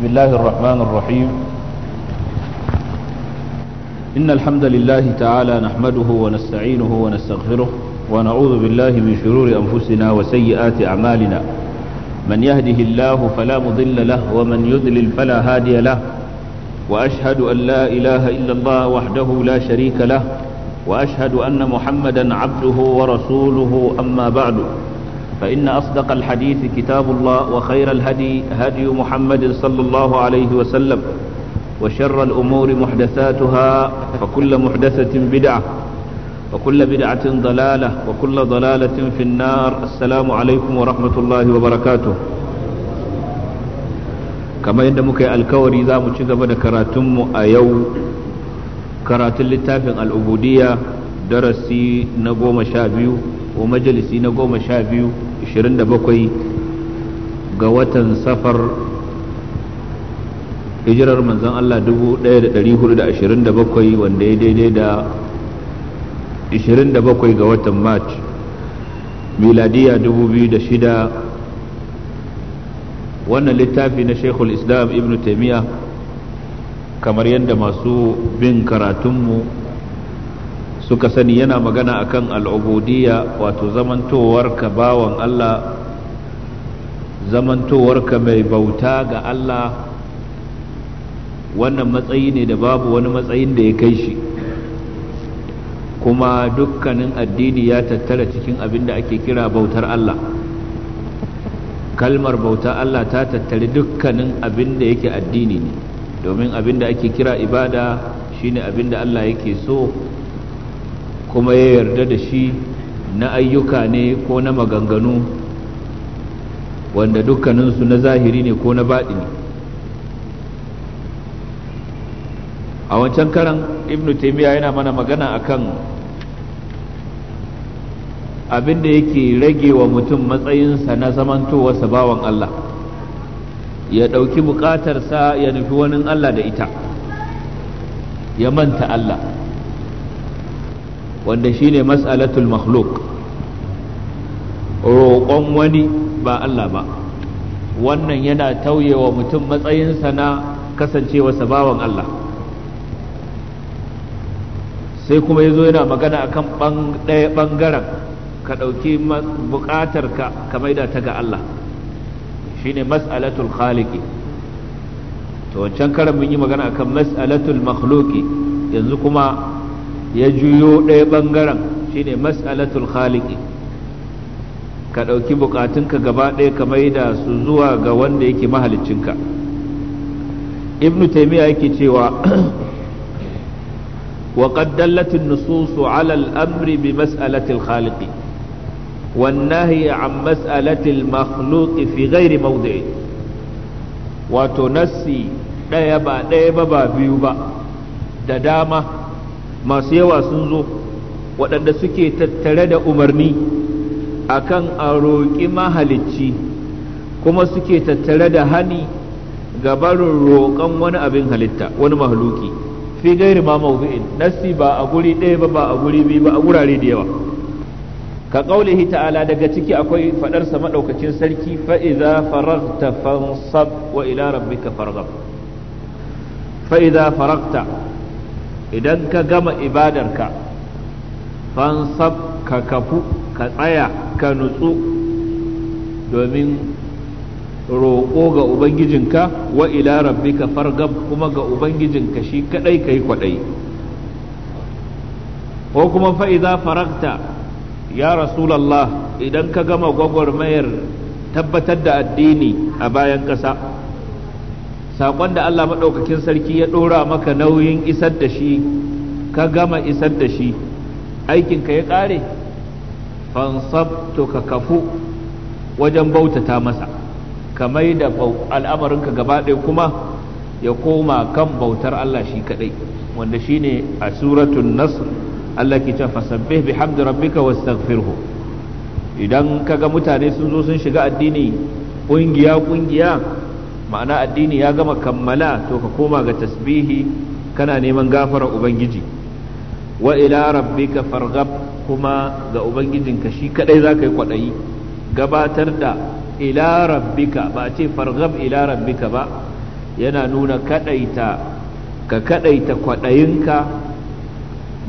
بسم الله الرحمن الرحيم إن الحمد لله تعالى نحمده ونستعينه ونستغفره ونعوذ بالله من شرور أنفسنا وسيئات أعمالنا من يهده الله فلا مضل له ومن يضلل فلا هادي له وأشهد أن لا إله إلا الله وحده لا شريك له وأشهد أن محمدا عبده ورسوله أما بعد فإن أصدق الحديث كتاب الله وخير الهدي هدي محمد صلى الله عليه وسلم وشر الأمور محدثاتها فكل محدثة بدعة وكل بدعة ضلالة وكل ضلالة في النار السلام عليكم ورحمة الله وبركاته كما يندمك الكوري ذا مجدب كراتم أيو كرات اللتافق العبودية درسي نقوم شابيو ومجلسي نقوم شابيو 27 ga watan safar hijirar manzon Allah 1427 wanda ya daidai da 27 ga watan march miladiya 2006 wannan littafi na shekul islam ibn taimiyya kamar yadda masu bin karatunmu suka sani yana magana akan al'ubudiyya wato zamantowarka bawan Allah zamantowarka mai bauta ga Allah wannan matsayi ne da babu wani matsayin da ya kai shi kuma dukkanin addini ya tattara cikin abin da ake kira bautar Allah kalmar bauta Allah ta tattari dukkanin abin da yake addini ne domin abin da ake kira ibada shine abin da Allah yake so kuma ya yarda da shi na ayyuka ne ko na maganganu wanda dukkaninsu na zahiri ne ko na ne. a wancan karan ibnu taimiyya yana mana magana akan abin da yake rage wa mutum matsayinsa na zamantowarsa bawan Allah ya ɗauki buƙatarsa ya nufi wani Allah da ita ya manta Allah wanda shine mas'alatul makhluk roƙon wani ba Allah ba wannan yana tauyewa mutum matsayinsa na kasancewa bawan Allah sai kuma ya zo yana magana akan ɗaya ɓangaren ka ɗauki buƙatar ka maida ta ga Allah shine mas'alatul khaliqi to wancan karan mun yi magana akan mas'alatul makhluqi yanzu kuma ya juyo ɗaya ɓangaren shine mas'alatul khaliqi ka ɗauki bukatunka gaba ɗaya ka maida su zuwa ga wanda yake mahalicinka ibnu taimiyya yake cewa wa qaddallatin nususu ala al'amri bi mas'alatil khaliqi والنهي عن مسألة المخلوق في غير wato nassi ɗaya ba ɗaya ba biyu ba da dama masu yawa sun zo waɗanda suke tattare da umarni a kan a roƙi mahalicci kuma suke tattare da hani gabarin roƙon wani abin halitta wani mahaluki fi gairi ma mawdu'in nassi ba a guri ɗaya ba ba a guri biyu ba a wurare da yawa ka qaulihi ta'ala daga ciki akwai faɗarsa maɗaukacin sarki fa idza faragta fansab wa ila rabbika farghab fa faragta idan ka gama ibadarka fansab ka kafu ka tsaya ka nutsu domin roƙo ga ubangijinka wa ila rabbika fargab kuma ga ubangijinka shi kadai kai kwadai ko kuma fa'iza faragta ya rasulallah idan ka gama gwagwarmayar tabbatar da addini a bayan ƙasa saƙon da Allah maɗaukakin sarki ya ɗora maka nauyin isar da shi ka gama isar da shi aikinka ya ƙare fansabto ka kafu wajen bautata masa ka mai da al'amarinka gaba ɗaya kuma ya koma kan bautar Allah shi kaɗai wanda shi ne a suratun nasr Allah ke ce bi hamdu rabbika wastaghfirhu idan ka ga mutane sun zo sun shiga addini ƙungiya ƙungiya ma'ana addini ya gama kammala to ka koma ga tasbihi kana neman gafara ubangiji wa ila rabbika farghab kuma ga ubangijinka shi kadai zaka yi kwadayi gabatar da ila rabbika ba ce farghab ila rabbika ba yana nuna kadaita ka kadaita kwadayinka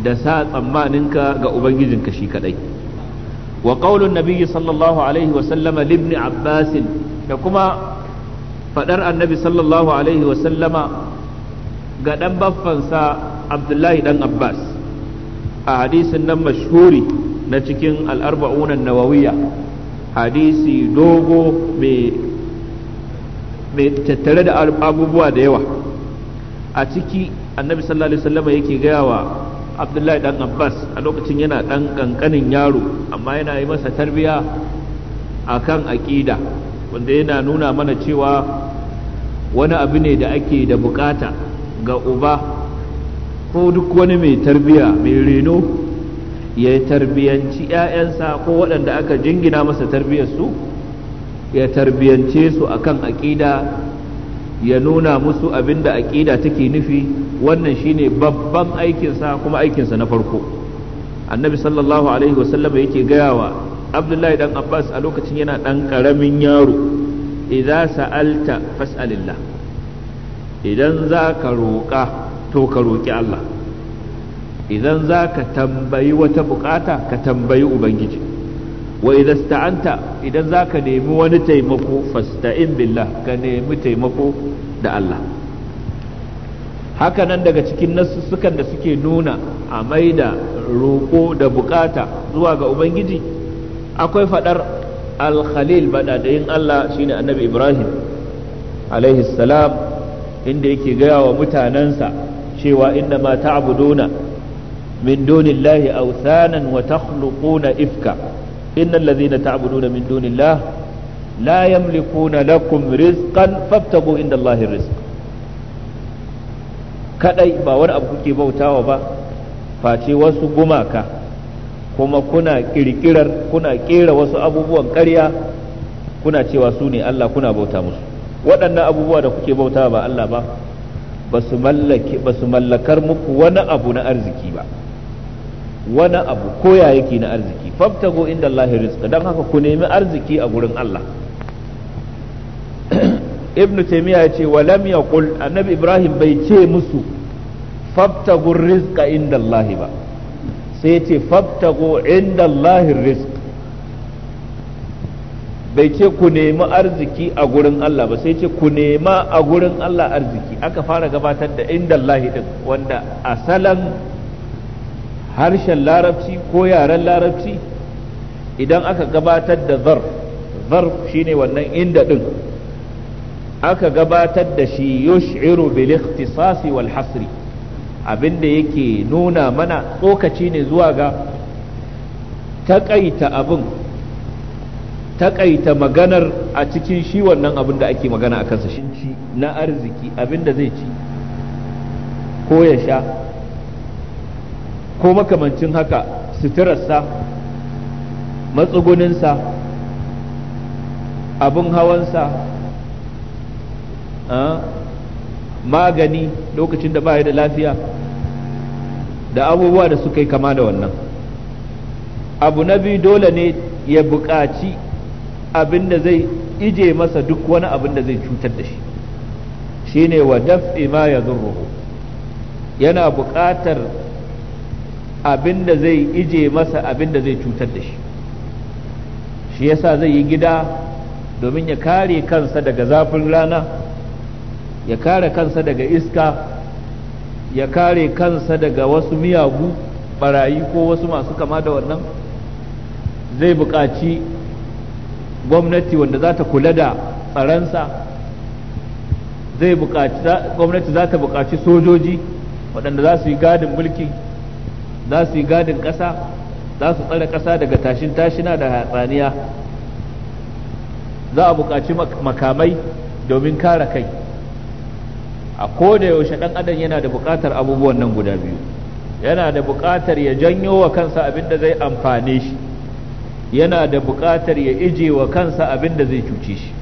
da sa tsammaninka ga ubangijinka shi kadai wa qaulun nabiyyi sallallahu alaihi wa sallama libni abbasin da kuma fadar annabi sallallahu alaihi sallama ga ɗan baffansa abdullahi ɗan abbas a hadisin nan mashhuri na cikin al'arba'unan nawawiya hadisi dogo mai tattare da abubuwa da yawa a ciki annabi sallallahu alaihi wasallama yake gaya wa abdullahi dan abbas a lokacin yana dan kankanin yaro amma yana yi masa tarbiya akan aƙida wanda yana nuna mana cewa wani abu ne da ake da bukata ga uba ko duk wani mai tarbiya mai reno ya tarbiyanci 'ya'yansa ko waɗanda aka jingina masa tarbiyarsu ya tarbiyance su akan aƙida ya nuna musu abin da aƙida take nufi wannan shine babban aikinsa kuma aikinsa na farko annabi sallallahu alaihi wasallam yake gaya wa abdullahi dan abbas a lokacin yana dan karamin yaro idza sa'alta fas'alillah idan za ka roƙa to ka roƙi Allah idan za ka tambayi wata bukata ka tambayi ubangiji wa idan sta'anta idan za ka nemi wani taimako fasta'in billah ka nemi taimako da Allah hakanan daga cikin nasussukan da suke nuna a maida roƙo da bukata zuwa ga ubangiji akwai fadar al-khalil yin Allah shine annabi Ibrahim alaihi salam inda yake gaya wa mutanansa cewa inna ma ta'buduna min dunillahi awthanan wa takhluquna ifka innal ladhina ta'buduna min dunillahi لا يملكون لكم رزقا فابتغوا inda الله الرزق kadai ba wani abu kuke bautawa ba face wasu gumaka kuma kuna kirkirar kuna kera wasu abubuwan ƙarya kuna cewa su ne Allah kuna bauta musu waɗannan abubuwa da kuke bauta ba Allah ba ba su mallakar muku wani abu na arziki ba wani abu koya yake na arziki fabtago inda Allah rizqa don haka ku nemi arziki a gurin Allah ibn taymiya ya ce walam yaqul annabi ibrahim bai ce musu fabtagu rizqa inda Allah ba sai ce fabtago inda Allahin risk bai ce ku nemi arziki a gurin Allah ba sai ce ku nema a gurin Allah arziki aka fara gabatar da inda Allahi din wanda asalan harshen larabci ko yaren larabci idan aka gabatar da zarf zarf shine wannan inda din aka gabatar da shi yush'iru bil ikhtisasi wal hasri abin da yake nuna mana tsokaci ne zuwa ga taƙaita abin taƙaita maganar a cikin shi wannan abin da ake magana a kansa shi na arziki abin da zai ci ko ya sha ko makamancin haka suturarsa matsuguninsa abin hawansa ah, magani lokacin da ba da lafiya da abubuwa da suka yi kama da wannan abu na biyu dole ne ya buƙaci abin da zai ije masa duk wani abin da zai cutar da shi shine wa daf'i ma ya yana buƙatar abin da zai ije masa abin da zai cutar da shi shi yasa zai yi gida domin ya kare kansa daga zafin rana ya kare kansa daga iska ya kare kansa daga wasu miyagu barayi ko wasu masu kama da wannan zai buƙaci gwamnati wanda za ta kula da tsaransa zai buƙaci gwamnati za ta buƙaci sojoji waɗanda za su yi gadin mulki za su yi gadin ƙasa za su tsare ƙasa daga tashin tashina da hatsaniya za a buƙaci makamai domin kare kai a koda yaushe dan adam yana da buƙatar abubuwan nan guda biyu yana da buƙatar ya janyo wa kansa abin da zai amfane shi yana da buƙatar ya ije wa kansa abin da zai cuce shi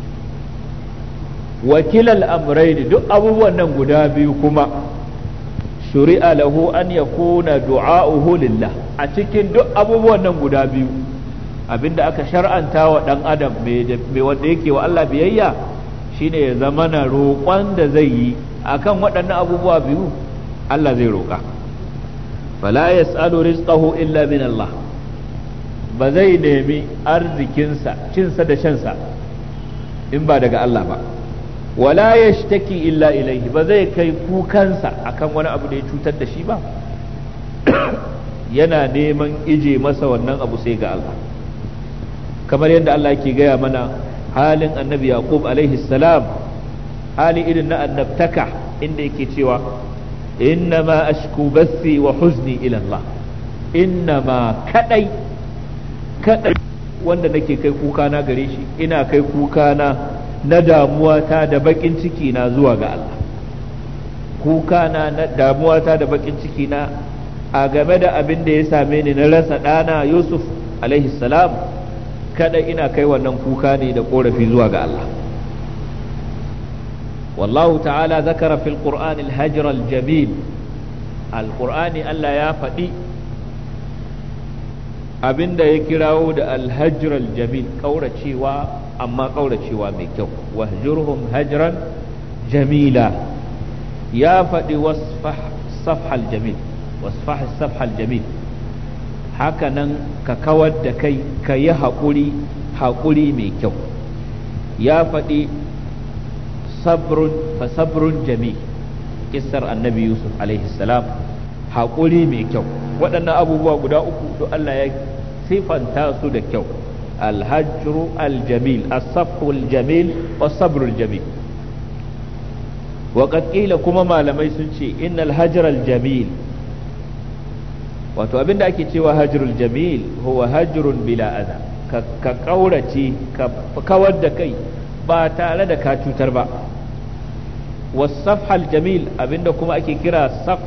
wakilal amraini duk abubuwan nan guda biyu kuma shuri'a lahu an yakuna du'a'uhu lillah a cikin duk abubuwan nan guda biyu abinda aka shar'anta wa dan adam mai wanda yake wa Allah biyayya shine ya zama na roƙon da zai yi akan waɗannan abubuwa biyu Allah zai roƙa fala yas'alu rizqahu illa min Allah ba zai nemi arzikinsa cinsa da shansa in ba daga Allah ba wala yashtaki illa ilaihi ba zai kai kukansa akan wani abu da ya cutar da shi ba yana neman ije masa wannan abu sai ga Allah kamar yadda Allah ke gaya mana halin annabi yaqub alaihi salam hali irin na annabtaka inda yake cewa innama ashku bathi wa huzni ila Allah innama kadai kadai wanda nake kai kuka na gare shi ina kai kuka na na damuwa ta da bakin ciki na zuwa ga Allah kuka na damuwa ta da bakin ciki na a game da abin da ya same ni na rasa ɗana Yusuf alaihi salam kada ina kai wannan kuka ne da korafi zuwa ga Allah wallahu ta'ala zakara fil qur'ani al-hajr al-jamil al-qur'ani Allah ya faɗi abinda ya kirawo da al-hajr al-jamil kauracewa amma kauracewa mai kyau wahjurhum hajran jamila ya faɗi wasfah safhal jamil wasfah safhal jamil haka nan ka kawar da kai ka yi haƙuri haƙuri mai kyau ya faɗi sabrun jami ƙisar annabi yusuf salam haƙuri mai kyau waɗannan abubuwa guda uku to Allah ya sifanta su da kyau alhajru aljamil as jamil wa was-sabru wa kuma malamai sun ce innal hajra aljamil wato abinda ake cewa hajrul jamil huwa bila adha ka kaurace ka kawar da kai ba tare da ka cutar ba wasafhal jamil abinda kuma ake kira saf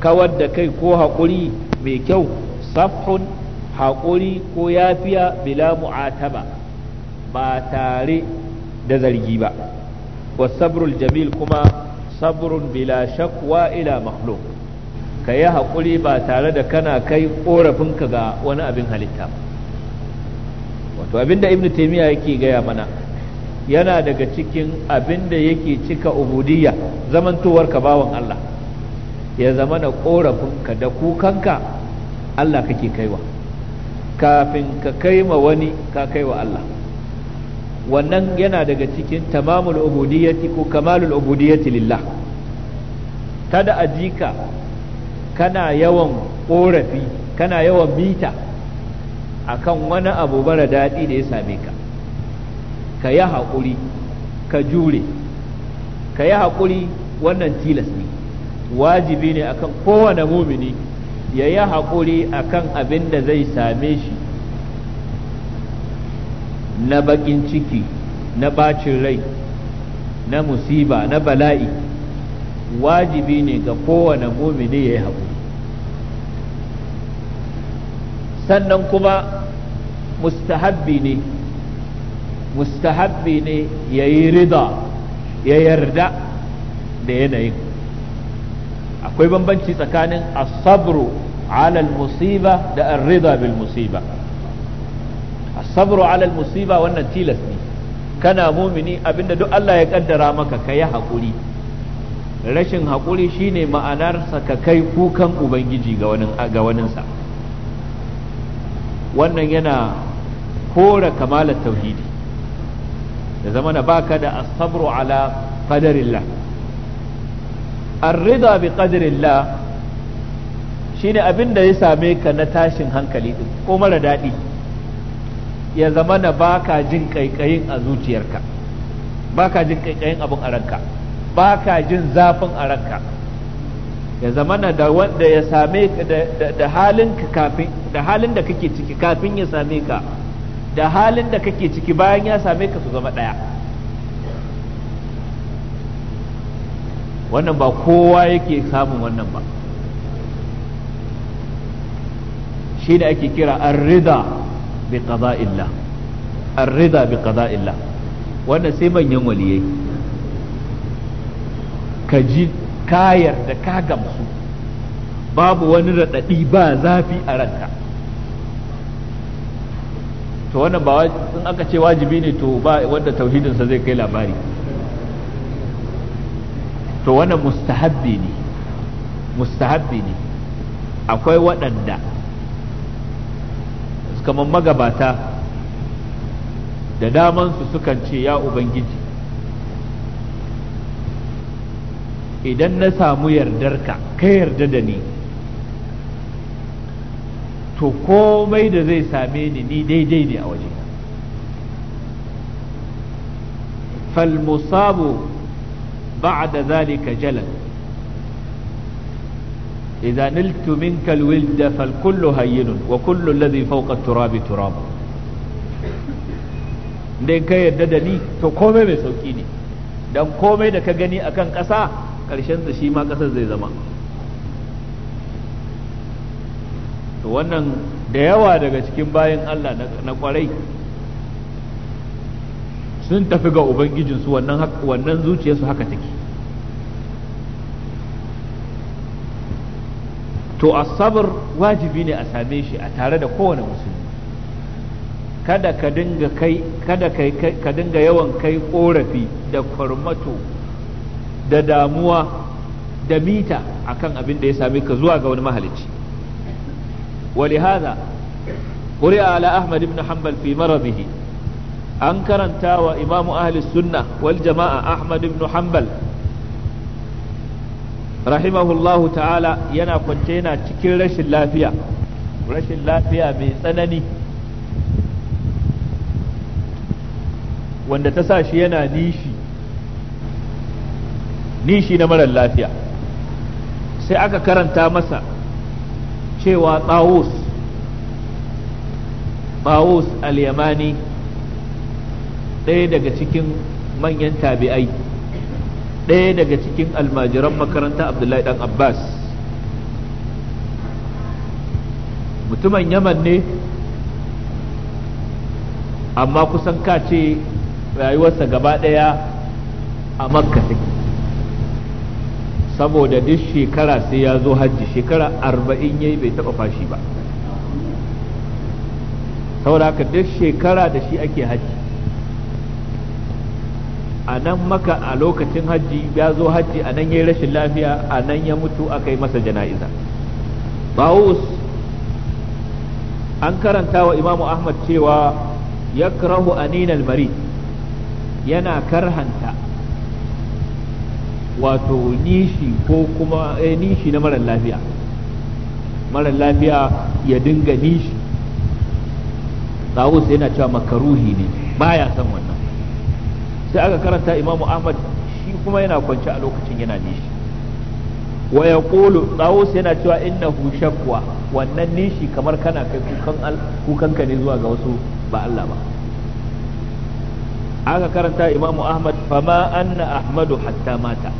kawar da kai ko haƙuri mai kyau safhun haƙuri ko yafiya bila mu'ataba ba tare da zargi ba wasabrul jamil kuma sabrun bila shakwa ila makhluk ka yi haƙuri ba tare da kana kai ƙorafinka ga wani abin halitta wato abin da ibn taimiyya yake gaya mana yana daga cikin abin da yake cika ubudiyya zamantowar ka bawan Allah ya zama da ƙorafinka da kukanka Allah kake kaiwa kafin ka kai ma wani ka kai wa Allah wannan yana daga cikin tamamul ubudiyyati ko kamalul ubudiyyati lillah kada a kana yawan ƙorafi kana yawan mita akan wani abu mara daɗi da ya same ka ka yi haƙuri ka jure ka yi haƙuri wannan tilas ne wajibi ne akan kowane mumini ya yi haƙuri akan abin da zai same shi na baƙin ciki na ɓacin rai na musiba na bala'i wajibi ne ga kowane mumini ya yi haƙuri sannan kuma mustahabbi ne mustahabbi ne ya yi rida ya yarda da yanayin akwai bambanci tsakanin asabru alal musiba da arrida bil musiba asabru alal musiba wannan tilas ne kana mumini abinda duk Allah ya kaddara maka ka yi haƙuri rashin haƙuri shine ma'anarsa ka kai kukan ubangiji ga waninsa wannan yana kora kamalar tauhidi da na baka da asabru ala qadarillah arrida bi qadarillah shine abin da ya same ka na tashin hankali din ko mara daɗi ya zama na baka jin kaikayin a zuciyarka baka jin ƙaiƙayin abin a ranka ba ka jin zafin a ranka ya zamana da wanda ya same da halin kafin da halin da kake ciki kafin ya same ka da halin da kake ciki bayan ya same ka su zama ɗaya wannan ba kowa yake samun wannan ba shi da ake kira arrida bi qada'illah arrida bi qada'illah wannan sai manyan waliyai ka ji kayar da ka gamsu babu wani raɗaɗi ba zafi a ranka to wannan ba in aka ce wajibi ne to ba wanda tauhidinsa zai kai labari to wannan mustahabbi ne mustahabbi ne akwai waɗanda kamar magabata da damansu sukan ce ya ubangiji idan na samu yardarka ka yarda da ni to komai da zai same ni ni daidai ne a waje falmusabu ba'da zalika jalal إذا نلت منك الولد فالكل هين وكل الذي فوق التراب تراب dan ka yarda da ni to komai mai sauki ne dan komai da ka gani akan ƙasa ƙarshen sa shi ma ƙasar zai zama to wannan da yawa daga cikin bayan Allah na kwarai sun tafi ga ubangijinsu wannan zuciyarsu haka take to sabar wajibi ne a same shi a tare da kowane musulmi kada ka dinga yawan kai korafi da kwarmato da damuwa da mita akan abin da ya same ka zuwa ga wani mahalicci ولهذا قرئ على أحمد بن حنبل في مرضه أنكر أنت وإمام أهل السنة والجماعة أحمد بن حنبل رحمه الله تعالى ينا كنتينا تكير رش اللافية رش اللافية بسنني wanda ta sa shi yana nishi nishi na marar lafiya sai aka karanta masa cewa tsawus tsawus al-yamani ɗaya daga cikin manyan tabi'ai ɗaya daga cikin almajiran makaranta abdullahi dan abbas mutumin yaman ne amma kusan kace rayuwarsa gaba ɗaya a makka take saboda duk shekara sai ya zo hajji shekara arba'in yayi bai taɓa fashi ba saboda haka duk shekara da shi ake hajji a nan maka a lokacin hajji ya zo hajji a nan ya yi rashin lafiya a nan ya mutu aka yi masa jana'iza bawus an karanta wa imamu ahmad cewa ya karahu aninal mari yana karhanta wato nishi ko kuma eh nishi na marar lafiya marar lafiya ya dinga nishi tawus yana cewa makaruhi ne baya son wannan sai aka karanta imamu ahmad shi kuma yana kwance a lokacin yana nishi wa ya kolo tsawus yana cewa innahu shakwa wannan nishi kamar kana kai kukan ka ne zuwa ga wasu ba Allah ba aka karanta imamu ahmad fama anna ahmadu hatta mata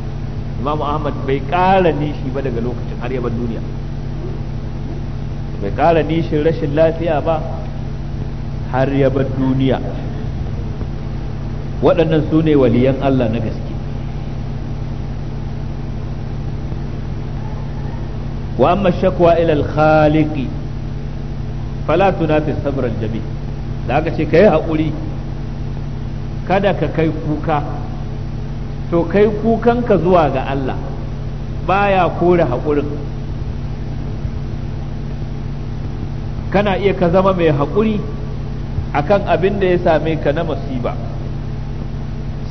imam ahmad bai ƙara nishi ba daga lokacin har yaban duniya bai ƙara nishin rashin lafiya ba har yaban duniya waɗannan su ne waliyan allah na gaske wa amma shakwa ilal khaliqi fala tunafi sabran jami da aka ce yi haƙuri kada ka kai kuka to kai kukanka zuwa ga Allah baya kore haƙurin kana iya ka zama mai haƙuri akan abin da ya same ka na masiba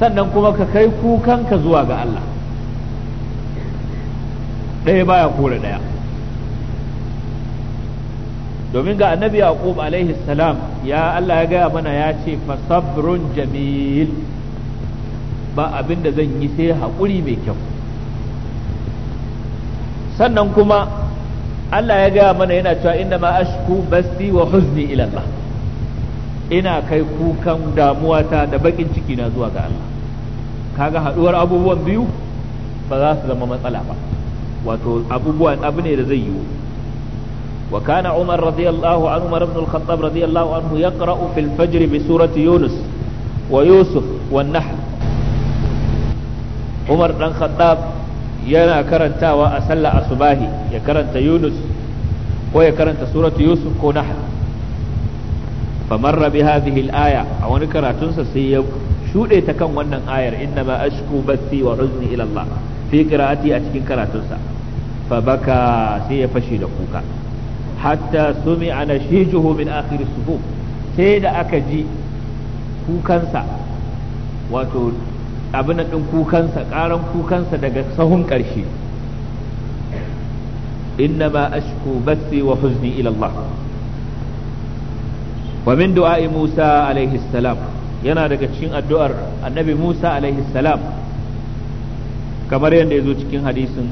sannan kuma ka kai kukanka zuwa ga Allah ɗaya baya kore ɗaya domin ga annabi yaqub alaihi salam ya Allah ya gaya mana ya ce fa fasabrun jamil ba abin da zan yi sai haƙuri mai kyau sannan kuma Allah ya gaya mana yana cewa inda ma ashku basti wa huzni ila ina kai kukan damuwata da baƙin ciki na zuwa ga Allah kaga haɗuwar abubuwan biyu ba za su zama matsala ba wato abubuwan abu ne da zai yiwu وكان عمر رضي الله عنه عمر بن الخطاب رضي الله عنه يقرأ في الفجر بسورة يونس ويوسف والنحل umar dan khattab yana karantawa a sallah asubahi ya karanta yunus ko ya karanta suratu yusuf ko nahl famarra bi hadhihi al-aya a wani karatunsa sai ya shuɗe ta kan wannan ayar inna ma ashku bathi wa huzni ila Allah fi qira'ati a cikin karatunsa fa baka sai ya fashe da kuka hatta sumi'a nashijuhu min akhir sufu sai da aka ji kukansa wato abin ɗin kukansa ƙaran kukansa daga sahun ƙarshe inna ma ashku basi wa huzni wa min du'a'i Musa alaihi salam yana daga cikin addu'ar annabi Musa alaihi salam kamar yadda ya zo cikin hadisin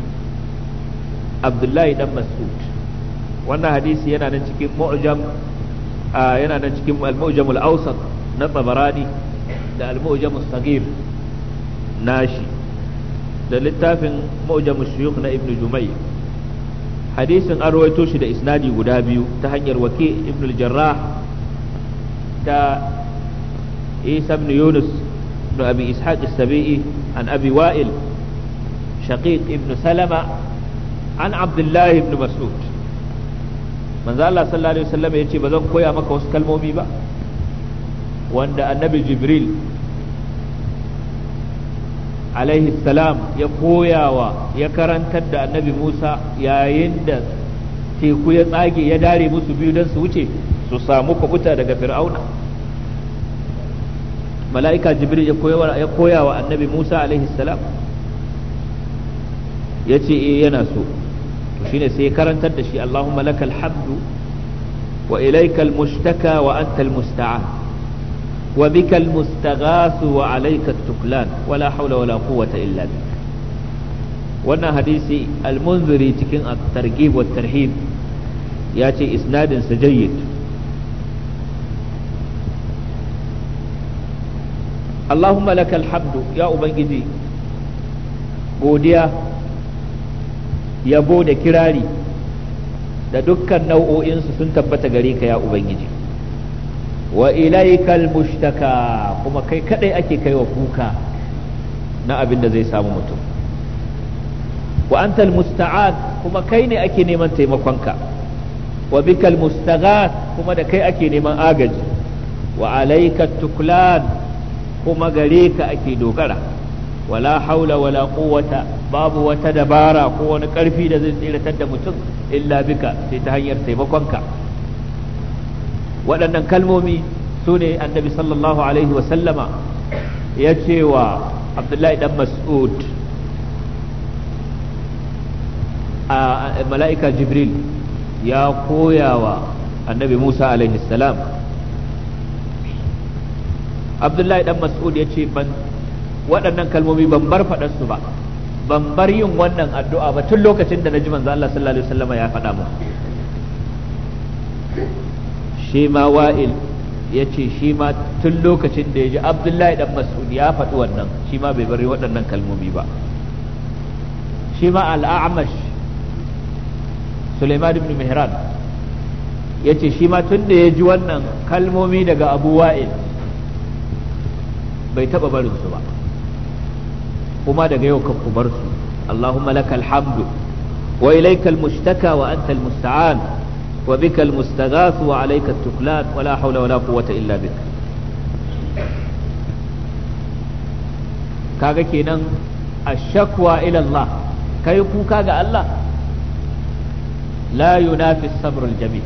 Abdullahi dan Mas'ud wannan hadisi yana nan cikin mu'jam yana nan cikin al-mu'jam al-awsat na Tabarani da al-mu'jam saghir nashi da littafin mu'jamu shuyukh na ibnu jumay hadisin an rawaito shi da isnadi guda biyu ta hanyar wake ibnu jarrah da isa ibn yunus ibn abi ishaq as-sabi'i an abi wa'il shaqiq ibn salama an abdullah ibn mas'ud manzo Allah sallallahu alaihi wasallam yace bazan koya maka wasu kalmomi ba wanda annabi jibril alaihi salam ya koyawa ya karantar da annabi Musa yayin da teku ya tsage ya dare musu biyu don su wuce su samu kubuta daga fir'auna mala'ika jibril ya koyawa annabi Musa alaihi salam ya ce eh yana so to shine sai ya karantar da shi Allahumma lakal hamdu wa ilaikal mushtaka wa antal musta'an وبك المستغاث وعليك التكلان ولا حول ولا قوة إلا بك wannan hadisi almunziri cikin targhib wa tarhib ya ce isnadin sa Allahumma lakal hamdu ya ubangiji godiya yabo da kirari da dukkan nau'o'insu sun tabbata gare ka ya ubangiji wa ilaikal mushtaka kuma kai kadai ake kai wa kuka na abin da zai samu mutum wa antal musta'ad kuma kai ne ake neman taimakonka wa bikal mustaghath kuma da kai ake neman agaji wa alaika tuklan kuma gare ka ake dogara wala haula wala quwwata babu wata dabara ko wani karfi da zai tsiratar da mutum illa bika sai ta hanyar taimakonka waɗannan kalmomi su ne annabi sallallahu alaihi wasallama ya ce wa abdullahi dan mas'ud a mala'ika jibril ya koya wa annabi musa alaihi salam abdullahi dan mas'ud ya ce waɗannan kalmomi ban bar faɗarsu ba ban bar yin wannan addu'a ba tun lokacin da na ji manzo Allah sallallahu alaihi wasallama ya faɗa mu shi ma wa'il ya ce shi ma tun lokacin da ya ji abdullahi dan mas'ud ya faɗi wannan shi ma bai bari waɗannan kalmomi ba shi ma al'amash suleiman ibn mihran ya ce shi ma tun da ya ji wannan kalmomi daga abu wa'il bai taɓa barinsu ba kuma daga yau kan ku bar su allahumma lakal hamdu wa ilaikal mushtaka wa antal musta'an wa bikal mustaghath wa alayka tuklat wala hawla wala quwwata illa bik kaga kenan ashakwa ila Allah kai kuka ga Allah la yunafi sabr aljami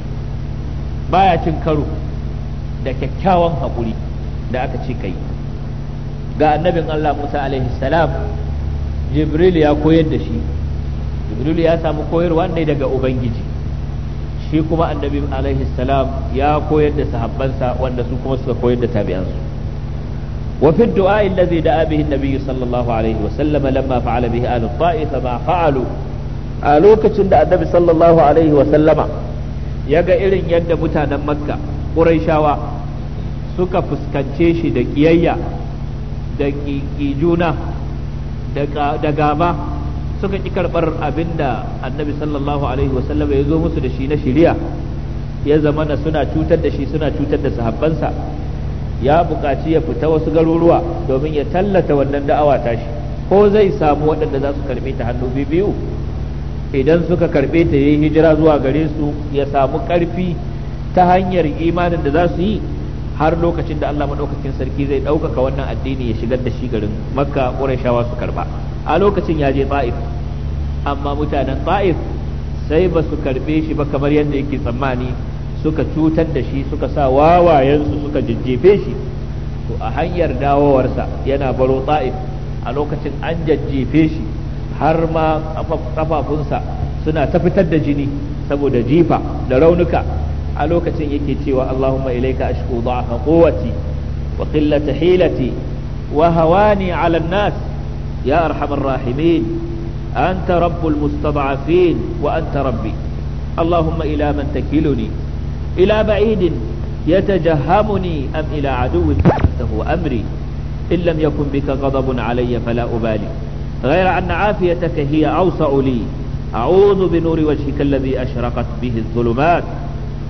baya cin karo da kyakkyawan hakuri da aka ce kai ga annabin Allah Musa alaihi salam Jibril ya koyar da shi Jibril ya samu koyarwa ne daga Ubangiji shi kuma annabi alaihi salam ya koyar da sahabbansa wanda su kuma suka koyar da tabi'ansu wa fi du'a allazi da'a bihi annabi sallallahu alaihi wa sallama lamma fa'ala bihi ahlu ta'if ma fa'alu a lokacin da annabi sallallahu alaihi wa sallama ya ga irin yadda mutanen makka quraishawa suka fuskance shi da kiyayya da ƙiƙi da gaba suka ki karɓar abinda annabi sallallahu alaihi wasallam ya zo musu da shi na shiriya ya zama na suna cutar da shi suna cutar da sahabbansa ya buƙaci ya fita wasu garuruwa domin ya tallata wannan da'awa shi ko zai samu waɗanda za su karɓe ta hannu biyu idan suka karɓe ta yayi hijira zuwa gare su ya samu ƙarfi ta hanyar imanin da za su yi har lokacin da Allah madaukakin sarki zai ɗaukaka wannan addini ya shigar da shi garin makka ƙurashawa su karba a lokacin ya je ta'if amma mutanen ta'if sai ba su karbe shi ba kamar yadda yake tsammani suka cutar da shi suka sa wawayensu suka jajjefe shi to a hanyar dawowarsa yana baro ta'if a lokacin an jajjefe shi har ma kafafunsa suna ta fitar da jini saboda jifa da raunuka a lokacin yake cewa Allahumma ilaika ashku da'afa quwwati wa qillata hilati wa hawani 'ala an-nas ya arhamar rahimin anta rabbul mustada'afin wa anta rabbi Allahumma ila man takiluni ila ba'idin يتجهمني أم إلى عدو فأنته أمري إن لم يكن بك غضب علي فلا أبالي غير أن عافيتك هي أوسع لي أعوذ بنور وجهك الذي أشرقت به الظلمات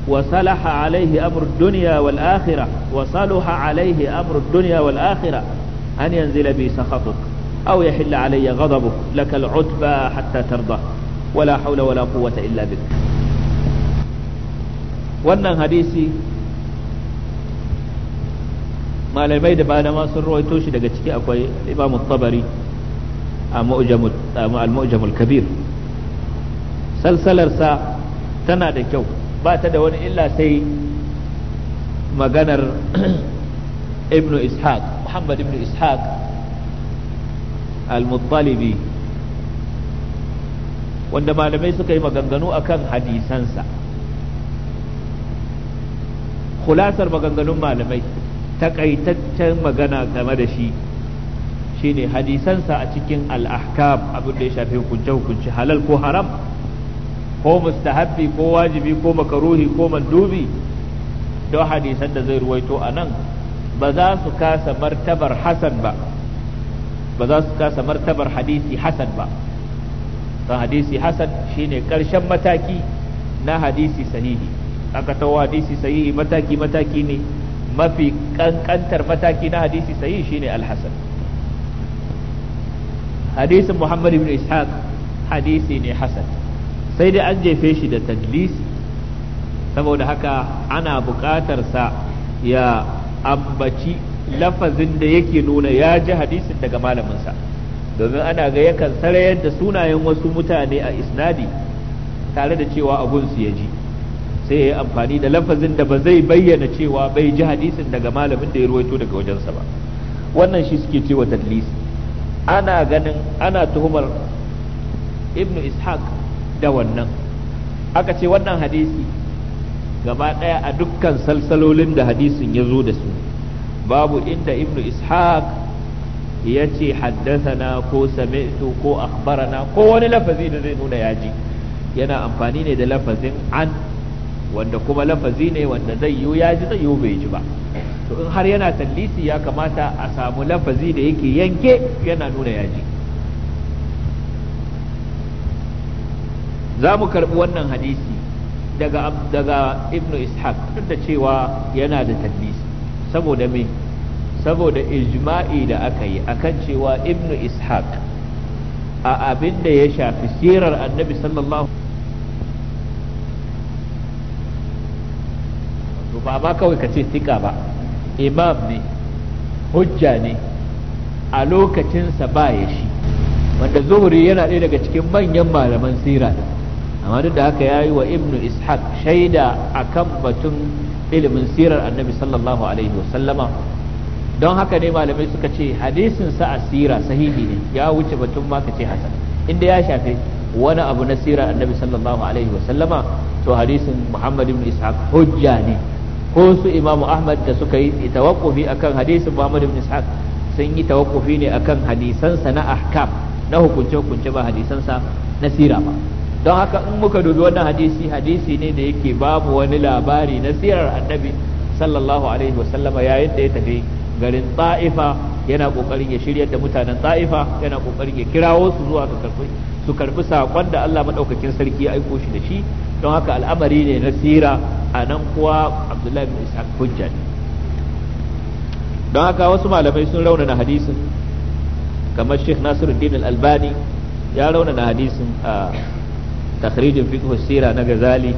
وصلح عليه أمر الدنيا والآخرة وصلح عليه أمر الدنيا والآخرة أن ينزل بي سخطك أو يحل علي غضبك لك العتبى حتى ترضى ولا حول ولا قوة إلا بك wannan hadisi malamai da balama ما rawaito shi daga ciki akwai imamu tabari a al-mu'jamul kabir salsalarsa tana da kyau ba ta da wani illa sai maganar ibnu ishaq muhammad ibnu ishaq al-muttalibi wanda malamai suka yi maganganu kan hadisansa khulasar maganganun malamai takaitaccen magana game da shi shine hadisansa a cikin al-ahkam abin da ya shafi hukunce hukunce halal ko haram ko mustahabbi ko wajibi ko makaruhi ko mandubi don hadisan da zai ruwaito a nan ba za su kasa martabar hasan ba ba za su kasa martabar hadisi hasan ba don hadisi hasan shine karshen mataki na hadisi sahihi aka tawo hadisi sahihi mataki mataki ne mafi kankantar mataki na hadisi sahihi shine alhasan hadisin muhammad ibn ishaq hadisi ne hasan sai dai an jefe shi da tadlisi saboda haka ana buƙatarsa ya ambaci lafazin da yake nuna ya ji hadisin daga malaminsa domin ana ga yakan sarayar da sunayen wasu mutane a isnadi tare da cewa su ya ji sai ya yi amfani da lafazin da ba zai bayyana cewa bai ji hadisin daga malamin da ya ruwaito daga wajensa ba wannan shi suke cewa tadlis ana ganin ana tuhumar ibnu ishaq da wannan aka ce wannan hadisi gaba ɗaya a dukkan salsalolin da hadisin ya zo da su babu inda ibnu ishaq ya ce haddasana ko sami'tu ko akhbarana ko wani lafazi da zai nuna yaji yana amfani ne da lafazin an wanda kuma lafazi ne wanda zai yi yaji zai yi bai ji ba to in har yana tallisi ya kamata a samu lafazi da yake yanke yana nuna yaji za mu karɓi wannan hadisi daga daga ibnu ishaq da cewa yana da tadlis saboda me saboda ijma'i da aka yi akan cewa ibnu ishaq a abin da ya shafi sirar annabi sallallahu to ba ma kawai ka ce tika ba imam ne hujja ne a lokacinsa ba ya shi wanda zuhuri yana ɗaya daga cikin manyan malaman sira amma duk da haka ya yi wa ibnu ishaq shaida akan batun ilimin sirar annabi sallallahu alaihi wasallama don haka ne malamai suka ce hadisin sa asira sahihi ne ya wuce batun ma ce hasan inda ya shafe wani abu na sirar annabi sallallahu alaihi wasallama to hadisin muhammad ibn ishaq hujja ne ko su Imam ahmad da suka yi tawakkufi akan hadisin muhammad ibn ishaq sun yi tawakkufi ne akan hadisansa na ahkam na hukunce hukunce ba hadisansa na sira ba don haka in muka dubi wannan hadisi hadisi ne da yake babu wani labari na sirar annabi sallallahu alaihi wasallama yayin da ya tafi garin ta'ifa yana kokarin ya shirya da mutanen ta'ifa yana kokarin ya kirawo su zuwa ga karfi su karbi sakon da Allah madaukakin sarki ya aiko shi da shi don haka al'amari ne na sira a nan kuwa Abdullahi bin Ishaq hujja don haka wasu malamai sun raunana hadisin kamar Sheikh Nasiruddin Al-Albani ya raunana hadisin ah, takhrijin fiqh sira na Gazali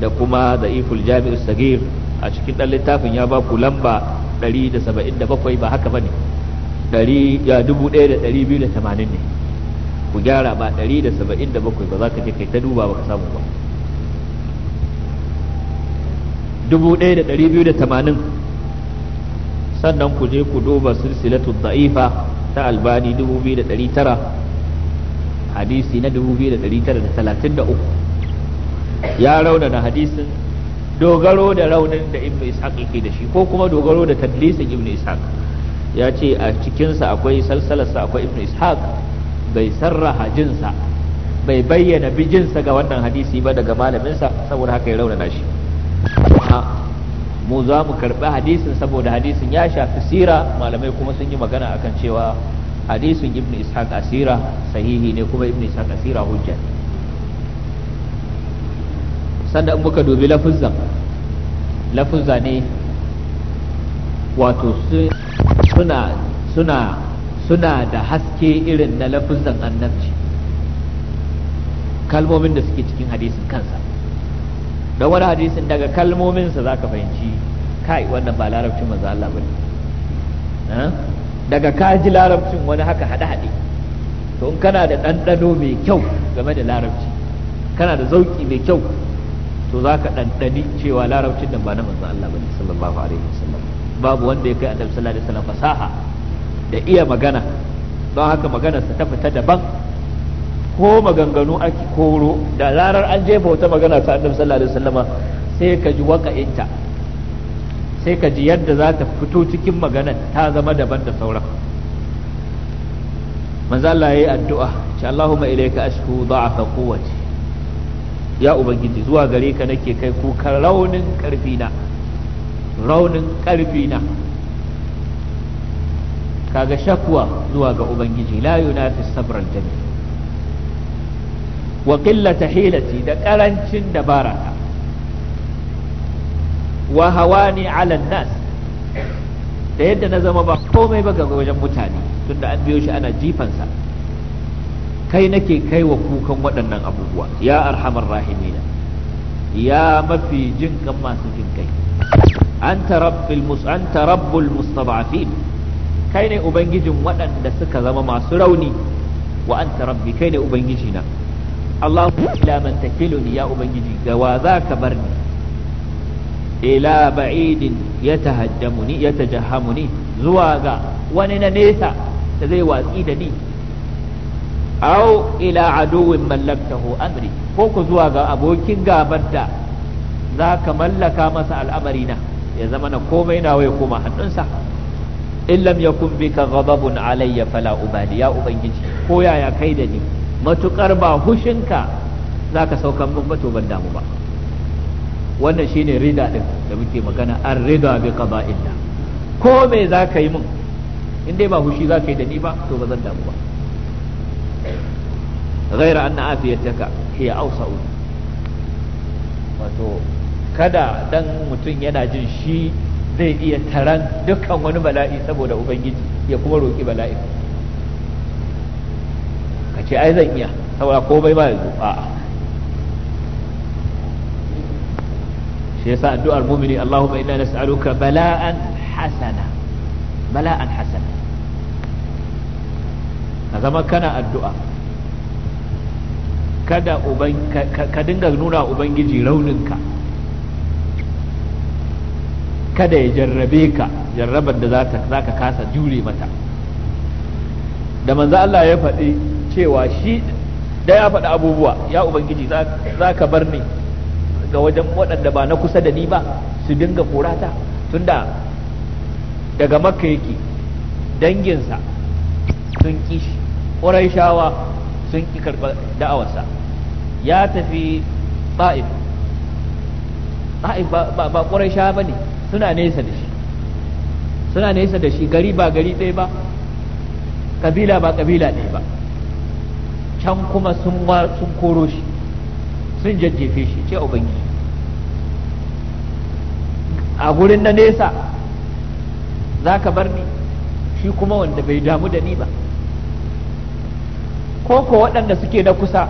da kuma da'iful jami'u sagir a cikin dan littafin ya ba ku lamba 177 ba haka bane 1280 ne ku gyara ba 177 ba za ka je kai ta duba ba ka samu ba 1280 sannan ku je ku duba silsilatu da'ifa ta albani 2900 hadisi na 2933 ya raunana hadisin dogaro da raunin da ibnu ishaq yake da shi ko kuma dogaro da tadlisin ibnu ishaq ya ce a cikinsa akwai salsalarsa akwai ibnu ishaq bai sarraha jinsa bai bayyana bijinsa ga wannan hadisi ba daga malaminsa saboda haka ya raunana shi mu za mu karɓi hadisin saboda hadisin ya shafi sira malamai kuma sun yi magana akan cewa hadisin ibn ishaq asira sahihi ne kuma ibn ishaq asira hujja sannan in muka dubi lafuzan lafuzza ne wato suna suna suna da haske irin na lafuzan annabci kalmomin da suke cikin hadisin kansa don wani hadisin daga kalmominsa za ka fahimci kai wannan ba larabcin manzo Allah ba ne hm? daga kaji larabcin wani haka haɗe-haɗe to in kana da ɗanɗano mai kyau game da larabci kana da zauki mai kyau to za ka ɗanɗani cewa larabcin nan ba na manzan Allah bane sallallahu alaihi wasallam babu wanda ya kai annabi sallallahu alaihi wasallam fasaha da iya magana don haka maganarsa ta fita daban ko maganganu ake koro da larar an jefa wata magana ta annabi sallallahu alaihi wasallam sai ka ji waka'inta sai ka ji yadda za ta fito cikin maganar ta zama daban da sauran manzo Allah yayi addu'a ka Allahumma ilayka ashku da'afa kowace. ya ubangiji zuwa gare ka nake kai kukan raunin karfi raunin ƙarfina kaga shakwa zuwa ga ubangiji la yunafi fi al jami wa qillata hilati da ƙarancin dabara ta. wa hawani ala nas da yadda na zama ba komai ba ga wajen mutane tunda an biyo shi ana jifansa kai nake kai wa kukan waɗannan abubuwa ya arhamar rahimina ya mafi jin kan masu jin kai anta rabbul mus anta rabbul mustada'afin kai ne ubangijin waɗanda suka zama masu rauni wa anta rabbi kai ne ubangijina Allahu ila man takiluni ya ubangiji ga wa za ka bar ni ila ba'idin yatahajjamuni yatajahamuni zuwa ga wani na nesa da zai watsi da ni aw ila aduwin mallaktahu amri ko ku zuwa ga abokin gabar da za ka mallaka masa al'amari na ya zama na komai na wai koma hannunsa in lam yakun bika ghadabun alayya fala ubali ya ubangiji ko yaya kai da ni matukar ba hushinka zaka saukan min ba ban damu ba wannan shine rida din da muke magana an rida bi qada'illah ko me za ka yi min in dai ba hushi za yi da ni ba to ba zan damu ba ghaira anna afiyataka hiya awsa'u wato kada dan mutum yana jin shi zai iya taran dukkan wani bala'i saboda ubangiji ya kuma roki bala'i ka ce ai zan iya saboda komai ba yanzu a'a shi yasa addu'ar mu'mini Allahumma inna nas'aluka bala'an hasana bala'an hasana a zama kana addu'a kada uban ka dinga nuna ubangiji rauninka kada ya jarrabe ka jarrabar da za ka kasa jure mata da manzo Allah ya faɗi cewa shi da ya faɗi abubuwa ya ubangiji za ka bar ni ga wajen waɗanda ba na kusa da ni ba su dinga korata tunda daga makka yake danginsa sun ƙi shi shawa sun ƙi karɓar da'awarsa ya tafi ba'in ba ba shawa ba ne suna nesa da shi suna nesa da shi gari ba gari ɗaya ba kabila ba kabila ɗaya ba can kuma sun koro shi sun jajjefe shi ce ubangiji a gurin na nesa za ka bar ni shi kuma wanda bai damu da ni ba ko ko waɗanda suke na kusa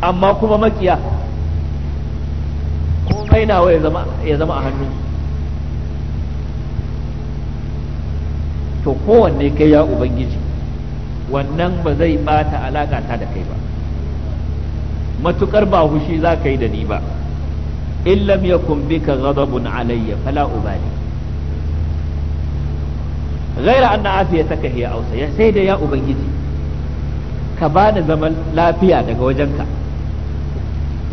amma kuma makiya komai nawa ya zama a hannu to kowanne kai ya ubangiji wannan ba zai bata alaƙa ta da kai ba matuƙar ba hushi za ka yi da ni ba in lam yakun bika ghadabun alayya fala ubali ghaira anna afiyataka hiya awsa ya sai da ya ubangiji ka bani zaman lafiya daga wajenka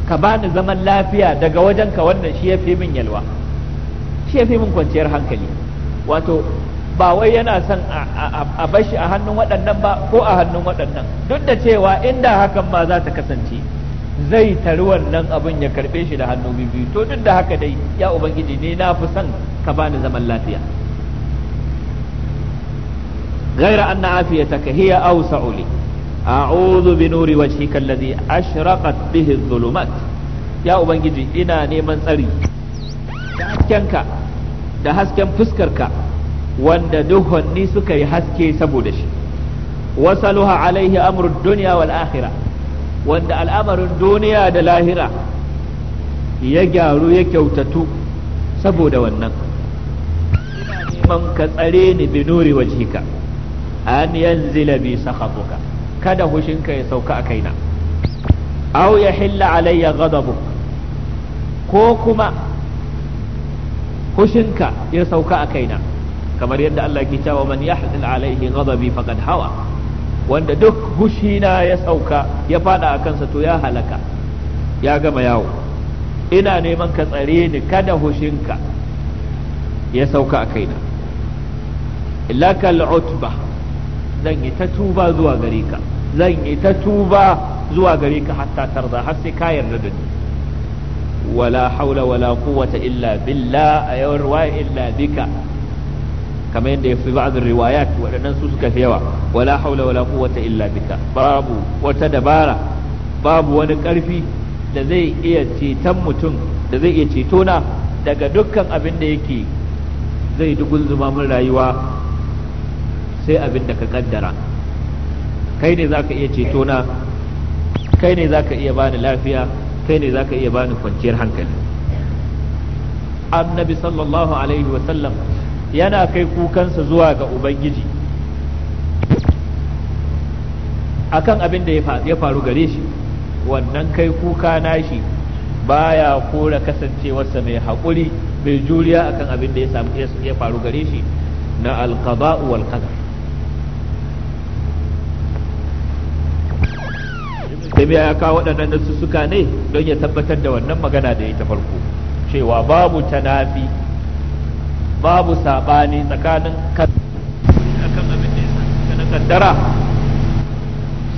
ka bani zaman lafiya daga wajenka wannan shi yafi min yalwa shi yafi min kwanciyar hankali wato ba wai yana son a bashi a hannun waɗannan ba ko a hannun waɗannan duk da cewa inda hakan ma za ta kasance zai tari wannan abin ya karbe shi da hannu biyu to duk da haka dai ya ubangiji ne na fi son ka bani zaman lafiya غير أن عافيتك هي أوسع لي أعوذ بنور وجهك الذي أشرقت به الظلمات يا أبنجي إنا نيمان tsari. da haskenka da hasken fuskarka wanda duhunni suka yi haske saboda shi wasaluha alaihi amrud dunya wal akhirah wanda al'amarin duniya da lahira ya gyaru ya kyautatu saboda wannan neman ka tsare ni bi nuri wajhika an yanzila bi sakhatuka kada hushinka ya sauka a kaina aw yahilla alayya ghadabuk ko kuma hushinka ya sauka a kaina kamar yadda Allah ke cewa man yahlil alayhi ghadabi faqad hawa wanda duk hushina ya sauka ya fada a kansa to ya halaka ya gama yawo ina neman ka tsare ni kada hushinka ya sauka a kaina lakal utba zan yi ta tuba zuwa gare ka zan yi ta tuba zuwa gare ka hatta tarza har sai ka yarda da ni wala haula wala quwwata illa billah a yawar illa bika kamar yadda ya fi ba'adun riwayat waɗannan su suka fi yawa wala haula wala quwwata illa bika babu wata dabara babu wani ƙarfi da zai iya ceton mutum da zai iya cetona daga dukkan abin da yake zai dugunzuma min rayuwa sai abin da ka kaddara kai ne zaka iya cetona kai ne zaka iya bani lafiya kai ne zaka iya bani kwanciyar hankali annabi sallallahu alaihi wa sallam yana kai kukansa zuwa ga ubangiji akan abin da ya faru gare shi wannan kai kuka nashi baya kora kasancewarsa mai haƙuri mai juriya akan abin da ya samu ya faru gare shi na alkaba wal qadar tabiya ya kawo waɗannan sussuka ne don ya tabbatar da wannan magana da ya ta farko cewa babu tanafi babu sabani tsakanin abin da ya na kaddara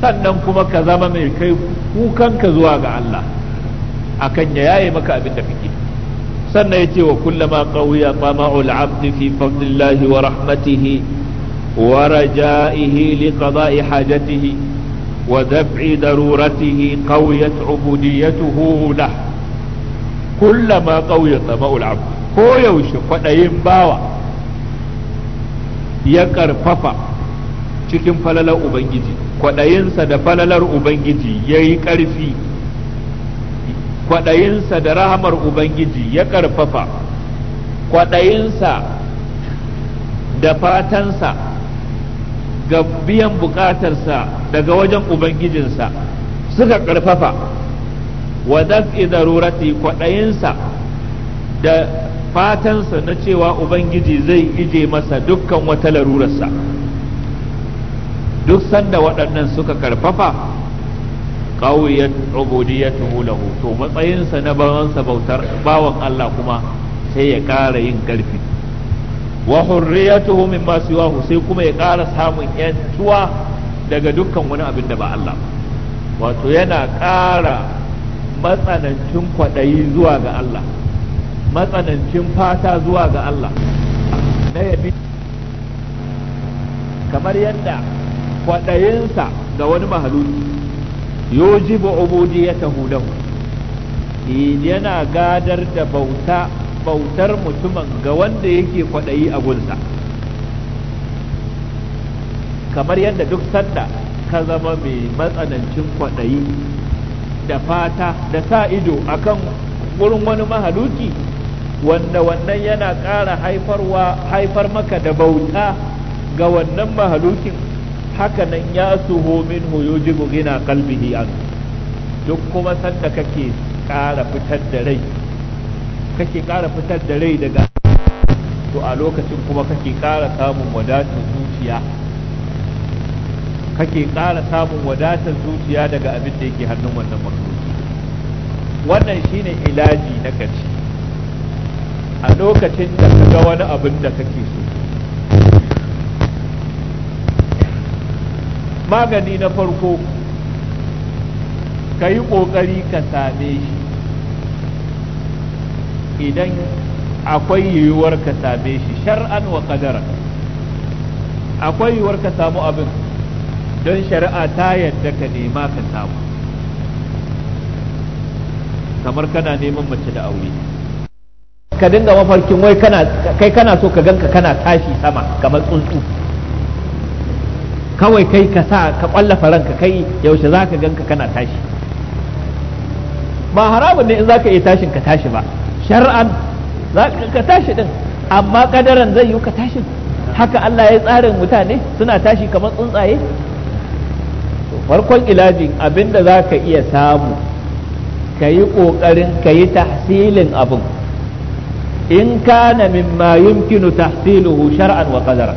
sannan kuma ka zama mai kai kukanka zuwa ga Allah akan ya yaye maka abin da kake sannan yace wa kullama qawiya qama'ul 'abd fi fadlillahi wa rahmatihi wa raja'ihi li qada'i hajatihi wa daf'i daruratihi qawiyat 'ubudiyyatuhu lahu kullama qawiya qama'ul 'abd koyaushe kwaɗayin bawa ya ƙarfafa cikin falalar ubangiji kwaɗayinsa da falalar ubangiji ya yi ƙarfi kwaɗayinsa da rahamar ubangiji ya ƙarfafa kwaɗayinsa da fatansa ga biyan buƙatarsa daga wajen ubangijinsa suka ƙarfafa wa dafi darurati kwaɗayinsa da fatansa na cewa ubangiji zai ije masa dukkan wata larurarsa duk sanda waɗannan suka karfafa qawiyat ubudiyatuhu lahu to matsayinsa na bawansa bautar bawan Allah kuma sai ya ƙara yin ƙarfi wa hurriyatuhu mimma siwahu sai kuma ya ƙara samun yantuwa daga dukkan wani abin da ba Allah wato yana ƙara matsanancin kwaɗayi zuwa ga Allah matsanancin fata zuwa ga Allah na yabi kamar yadda kwaɗayinsa ga wani mahaluki yujibu ubudiyatahu lahu yana gadar da bauta bautar mutumin ga wanda yake kwaɗayi a gunsa kamar yadda duk sanda ka zama mai matsanancin kwaɗayi da fata da sa ido akan wurin wani mahaluki wanda wannan yana ƙara haifarwa haifar maka da bauta ga wannan mahalukin haka nan ya suho min yujibu gina qalbihi an duk kuma sanda kake ƙara fitar da rai kake ƙara fitar da rai daga to a lokacin kuma kake ƙara samun wadatar zuciya kake ƙara samun wadatar zuciya daga abin da yake hannun wannan mahaluki wannan shine ilaji na kaci a lokacin da ka ga wani abin da kake so magani na farko ka yi ƙoƙari ka same shi idan akwai yiwuwar ka same shi shar'an wa ƙadara akwai yiwuwar ka samu abin don shari'a ta yadda ka nema ka samu kamar kana neman mace da aure ka dinga mafarkin wai kana kai kana so ka ganka kana tashi sama kamar tsuntsu kawai kai ka sa ka kwallafa ranka kai yaushe za ka ganka kana tashi ba haramun ne in za ka iya tashin ka tashi ba shar'an za ka tashi din amma kadaran zai yi ka tashin haka Allah ya tsarin mutane suna tashi kamar tsuntsaye farkon ilajin abinda za ka iya samu ka yi ƙoƙarin ka yi tahsilin abin in kana mimma yumkinu tahsiluhu shar'an wa qadara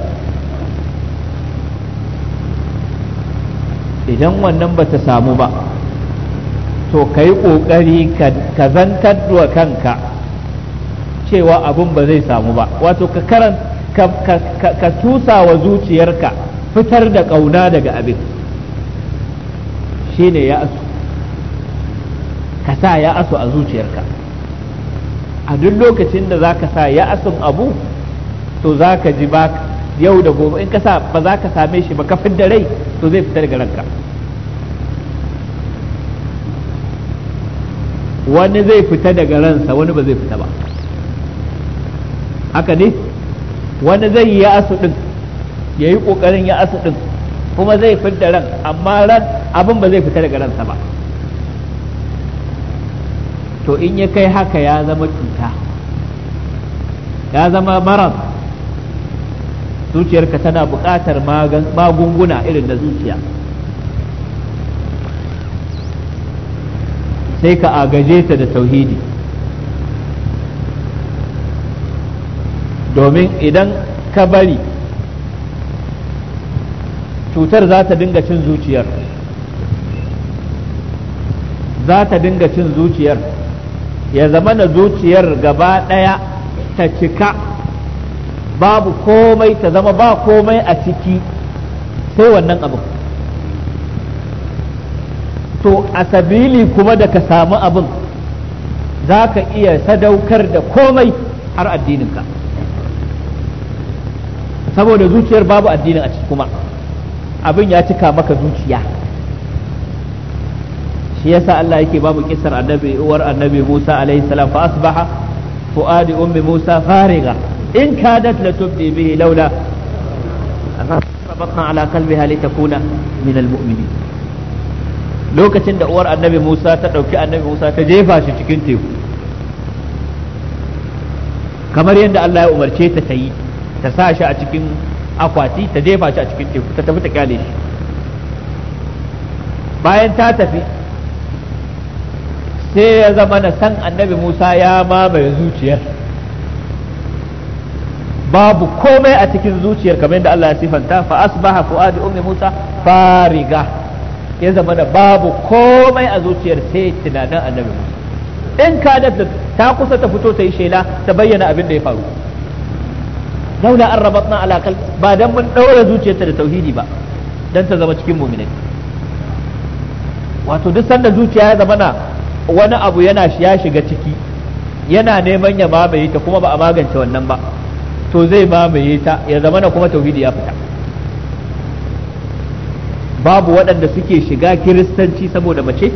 idan wannan bata samu ba to ka yi ƙoƙari ka zantar da kanka cewa abun ba zai samu ba wato ka karan ka tusa wa zuciyarka fitar da ƙauna daga abin shi ne ya asu ka sa ya asu a zuciyarka a duk lokacin da zaka sa ya asin abu to zaka ji ba yau da gobe in ka sa ba za ka same shi ba kafin da rai to zai fita daga ranka wani zai fita daga ransa wani ba zai fita ba haka ne wani zai yi ya asu din ya yi ƙoƙarin ya asu din kuma zai fita ran amma ran abin ba zai fita daga ransa ba to in ya kai haka ya zama cuta ya zama marar zuciyarka tana buƙatar magunguna irin na zuciya sai ka agaje ta da tauhidi domin idan ka bari cutar za ta dinga cin zuciyar za ta dinga cin zuciyar ya zama na zuciyar gaba ɗaya ta cika babu komai ta zama ba komai a ciki sai wannan abin to a sabili kuma da ka samu abin za ka iya sadaukar da komai har addininka saboda zuciyar babu addinin a ciki kuma abin ya cika maka zuciya shi yasa Allah yake babu kisar annabi uwar annabi Musa alaihi salam fa asbaha fuadi ummi Musa fariga in kadat la tubdi bihi laula rabatna ala qalbiha litakuna min almu'minin lokacin da uwar annabi Musa ta dauki annabi Musa ta jefa shi cikin teku kamar yadda Allah ya umarce ta ta yi ta sa shi a cikin akwati ta jefa shi a cikin teku ta tafi ta kyale shi bayan ta tafi sai ya zama na san annabi Musa ya mamaye zuciyar babu komai a cikin zuciyar kamar yadda Allah ya sifanta fa asbaha fuadi ummi Musa fariga ya zama da babu komai a zuciyar sai tunanin annabi Musa in ka da ta kusa ta fito ta yi shela ta bayyana abin da ya faru laula an rabatna ala ba dan mun daura zuciyarta da tauhidi ba dan ta zama cikin mu'minai wato duk sanda zuciya ya zama na wani abu yana ya shiga ciki yana neman ya mamaye ta kuma ba a magance wannan ba to zai mamaye ta ya zama na kuma tauhidi ya fita babu waɗanda suke shiga kiristanci saboda mace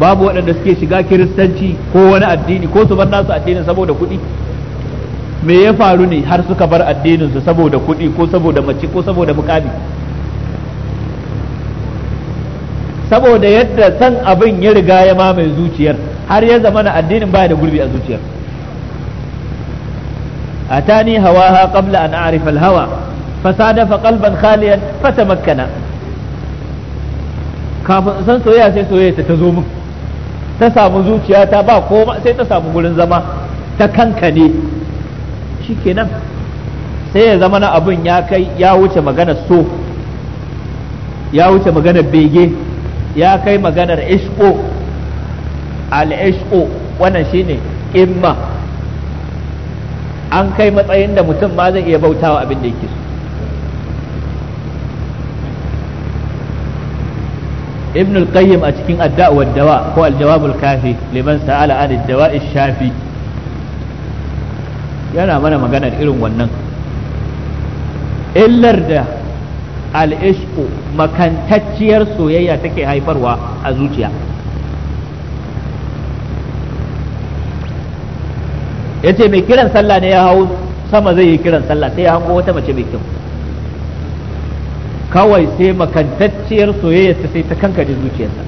babu waɗanda suke shiga kiristanci ko wani addini ko su bar nasu addinin saboda kuɗi me ya faru ne har suka bar addinin su saboda kuɗi ko saboda mace ko saboda mukami saboda yadda san abin ya riga ya mamaye zuciyar har ya zama na addinin baya da gurbi a zuciyar atani hawa qabla an a'rif al-hawa fa qalban khaliyan fatamakkana kafin san soyayya sai soyayya ta zo min ta samu zuciya ta ba koma sai ta samu gurin zama ta kankane shikenan sai ya zama na abin ya kai ya wuce magana so ya wuce magana bege ya kai maganar ishko al-ishko wannan shine imma an kai matsayin da mutum ma zai iya bautawa abin da yake so ibn al-qayyim a cikin adda wa dawa ko al-jawab al-kafi liman sa'ala an ad-dawa shafi yana mana maganar irin wannan illar da al'ishku makantacciyar soyayya take haifarwa a zuciya ya ce mai kiran sallah ne ya hau sama zai yi kiran sallah sai ya hango wata mace mai kyau kawai sai makantacciyar ta sai ta kankare zuciyarsa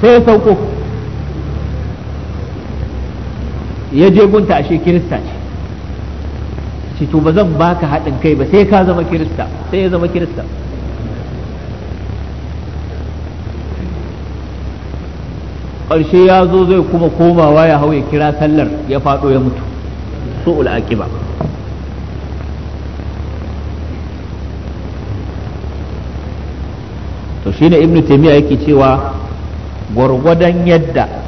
sai ya sauko ya je gunta ashe kirista ce ce to ba zan baka haɗin kai ba sai ka zama kirista sai ya zama kirista ƙarshe ya zo zai kuma komawa ya hau ya kira sallar ya faɗo ya mutu su'ul aqiba to shine ibnu taymiya yake cewa gwargwadon yadda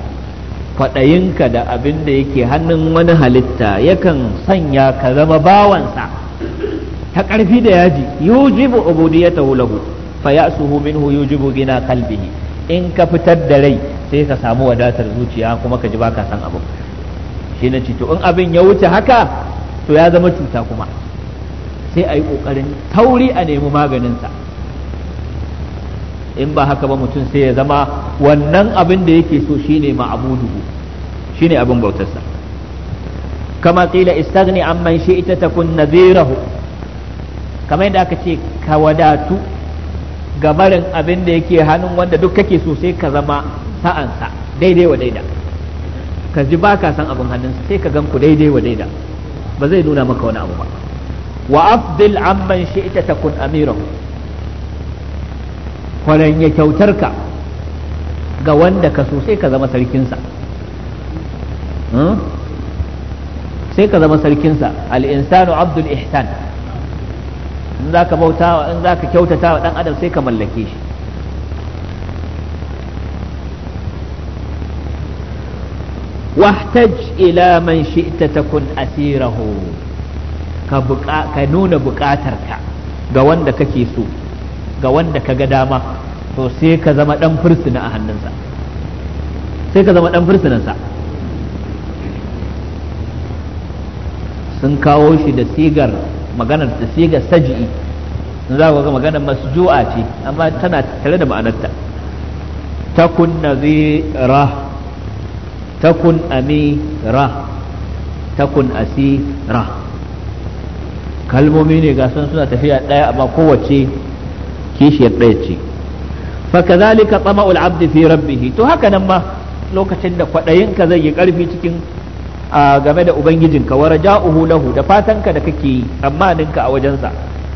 kwaɗayinka da abin da yake hannun wani halitta yakan sanya ka zama bawansa ta ƙarfi da yaji yujibu ubudiyatahu lahu fa ya'suhu minhu yujibu gina qalbihi in ka fitar da rai sai ka samu wadatar zuciya kuma ka ji baka san abu shi na to in abin ya wuce haka to ya zama cuta kuma sai a yi ƙoƙarin tauri a nemi maganinsa in ba haka ba mutum sai ya zama wannan abin da yake so shine ma'buduhu shine abin bautarsa kama qila istaghni amman shi'ta takun nadhirahu kamar yadda aka ce ka wadatu gabarin abin da yake hannun wanda duk kake so sai ka zama sa'ansa daidai wa daida ka ji ba ka san abin hannunsa sai ka gan ku daidai wa daida ba zai nuna maka wani abu ba wa afdil amman shi'ta takun amirahu kyautar ka ga wanda ka so sai ka zama sarkinsa hmm? sai ka zama sarkinsa al'insanu abdul ihsan in za ka bauta in za ka kyautata wa ɗan adam sai ka mallake shi wahtaj ila man shi'ta takun asirahu ka nuna buƙatarka ga wanda kake so ga wanda ka ga dama to sai ka zama dan fursuna a hannunsa sai ka zama dan fursunansa sun kawo shi da sigar maganar da sigar saji'i sun za ga maganar masju'a ce amma tana tare da ma'anarta takun nazira takun amira takun asira kalmomi ne ga sun suna tafiya ɗaya amma kowace kishiyar ɗaya ce fakazalika tsama'ul abdi fi rabbihi to haka nan ma lokacin da kwaɗayinka zai yi ƙarfi cikin game da ubangijin wa raja'uhu lahu da fatanka da kake yi ka a wajensa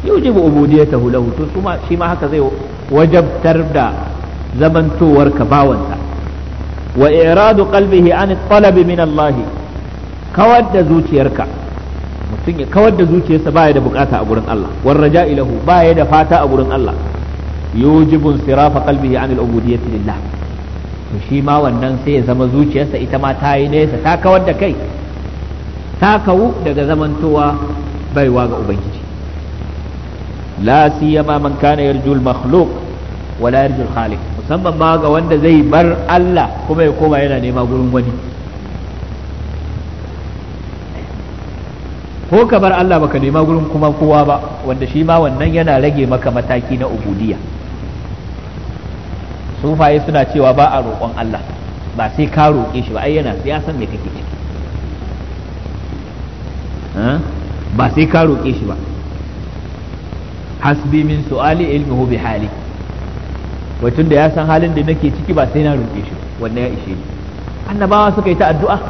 yujibu ubudiyatahu lahu to kuma shi ma haka zai wajabtar da zamantowarka bawansa wa iradu qalbihi an talabi min Allah kawar da zuciyarka mutum ya kawar da zuciyarsa baya da bukata a gurin Allah war raja ilahu ya da fata a gurin Allah yujibu sirafa qalbihi anil ubudiyyati lillah to shi ma wannan sai ya zama zuciyarsa ita ma ta yi nesa ta kawar da kai ta kawu daga zamantowa baiwa ga ubangiji la siyama man kana yarjul makhluq wala yarjul khaliq musamman ma ga wanda zai bar Allah kuma ya koma yana nema gurin wani ko ka bar Allah baka nema gurin kuma kowa ba wanda shi ma wannan yana rage maka mataki na ubudiya sufaye suna cewa ba a roƙon Allah ba sai ka roƙe shi ba ai yana ya san me kake ciki ba sai ka roƙe shi ba hasbi min su'ali ilmihu bi hali wai da ya san halin da nake ciki ba sai na roƙe shi wannan ya ishe ni annabawa suka yi ta addu'a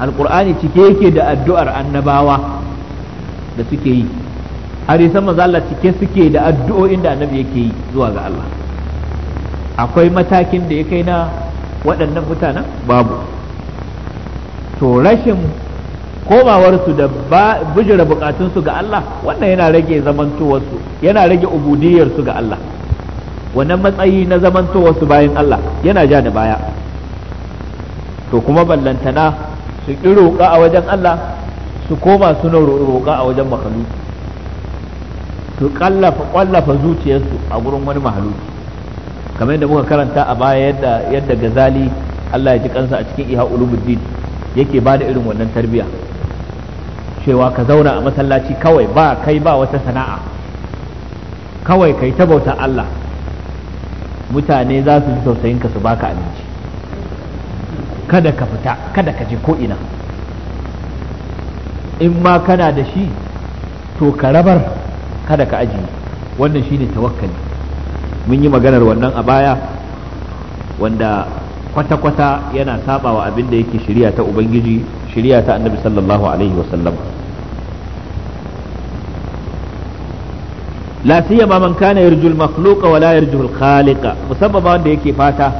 alqur'ani cike yake da addu'ar annabawa da suke yi hadisan sama Allah cike suke da addu'o'in da annabi yake yi zuwa ga Allah akwai matakin da ya kai na waɗannan mutanen babu to rashin komawarsu da bujira su ga Allah wannan yana rage zamantowarsu yana rage ubudiyarsu ga Allah wannan matsayi na zamantowarsu bayan Allah yana ja da baya to kuma ballantana su ƙi roƙa a wajen Allah su koma suna roƙa a wajen mahaluki su ƙwallafa zuciyarsu a gurin wani mahaluki kamar yadda muka karanta a baya yadda yadda gazali Allah ya ji kansa a cikin iha ulumuddin yake ba da irin wannan tarbiya cewa ka zauna a masallaci kawai ba kai ba wata sana'a kawai kai ta bauta Allah mutane za su ji tausayin ka su baka abinci kada ka fita kada ka je ko ina in ma kana da shi to ka rabar kada ka ajiye wannan shine tawakkali mun yi maganar wannan a baya wanda kwata-kwata yana sabawa abin da yake shirya ta ubangiji shirya ta annabi sallallahu alaihi wasallam la siyama man kana yarjul makhluqa wa la yarjul khaliqa musamman wanda yake fata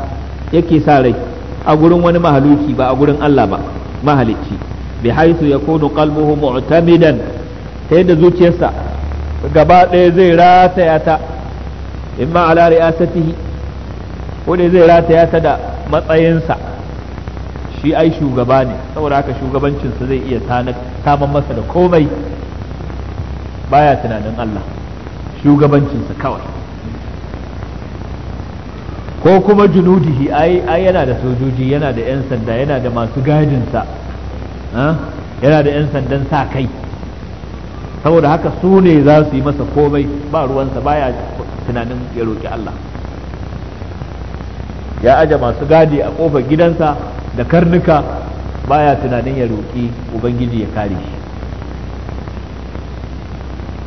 yake sa rai a gurin wani mahaluki ba a gurin Allah ba mahalicci bi haisu yakunu qalbuhu mu'tamidan ta yadda zuciyarsa gaba ɗaya zai rataya ta imma ala ri'asatihi ko ne zai rataya ta da matsayinsa shi ai shugaba ne saboda haka shugabancinsa zai iya saman masa da komai baya tunanin Allah shugabancinsa kawai ko kuma junudihi ai ai yana da sojoji yana da yan sanda yana da masu gadin sa yana da yan sandan sa kai saboda haka su ne za su yi masa komai ba ruwansa baya tunanin ya roki Allah ya aje masu gadi a kofar gidansa da karnuka baya tunanin ya roƙi ubangiji ya kare shi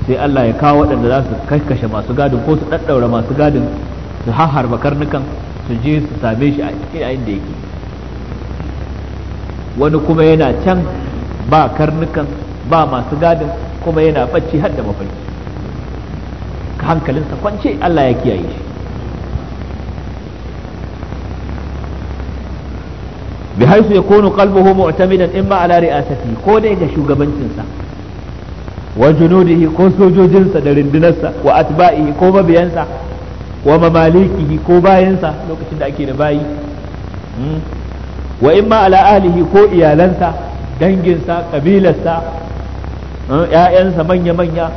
sai Allah ya kawo waɗanda za su kakkashe masu gadin ko su ɗaɗɗaura masu gadin su harba karnukan su je su same shi a cikin da yake wani kuma yana can ba karnukan ba masu gadin kuma yana bacci har da mafarki hankalinsa kwance Allah ya kiyaye shi bi haisu ya kono kalbuhu mu'tamidan ma ala ri'asati ko dai ga shugabancinsa wa junudihi ko sojojinsa da rindunarsa wa atba'ihi ko mabiyansa wa mamalikihi ko bayansa lokacin da ake da bayi hmm? wa imma ala ahlihi ko iyalansa danginsa kabilarsa hmm? ‘ya'yansa manya-manya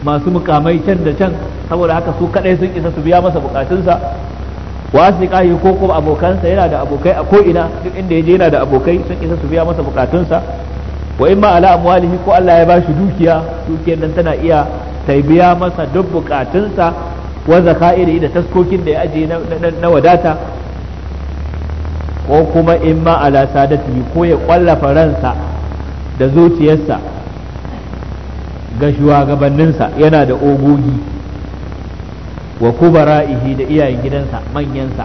masu mukamai can da can saboda haka su kadai sun isa su biya masa bukatunsa wasu kayi ko kuma abokansa yana da abokai a ina duk inda yaje yana da abokai sun isa su biya masa bukatunsa wa imma ala amwalihi ko Allah ya bashi dukiya dukiyar nan tana iya ta biya masa duk bukatunsa wa zakairi da taskokin da ya aje na wadata ko kuma in ma ala sadatihi ko ya kwallafa ransa da zuciyarsa ga shugabanninsa yana da ogogi wa kubara'ihi da iyayen gidansa manyansa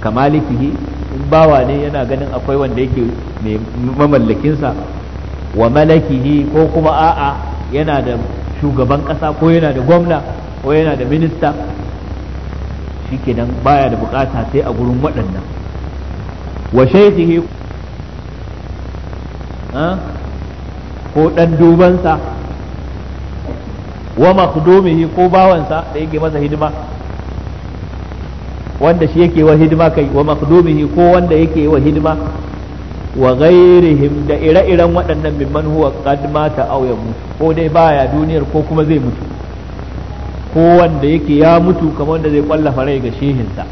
kamalikihi in bawa ne yana ganin akwai wanda yake mai mamallakinsa wa malakihi ko kuma a'a yana da shugaban kasa ko yana da gwamna ko yana da minista shi shikenan baya da bukata sai a gurin waɗannan wa shaidihi ko ɗan dubansa wa makhdumihi ko bawansa da yake masa hidima wanda shi yake wa hidima kai wa makhdumihi ko wanda yake wa hidima wa ghairihim da ire-iren waɗannan mimman huwa qad mata aw mutu ko dai baya duniyar ko kuma zai mutu ko wanda yake ya mutu kamar wanda zai kwallafa rai ga shehinsa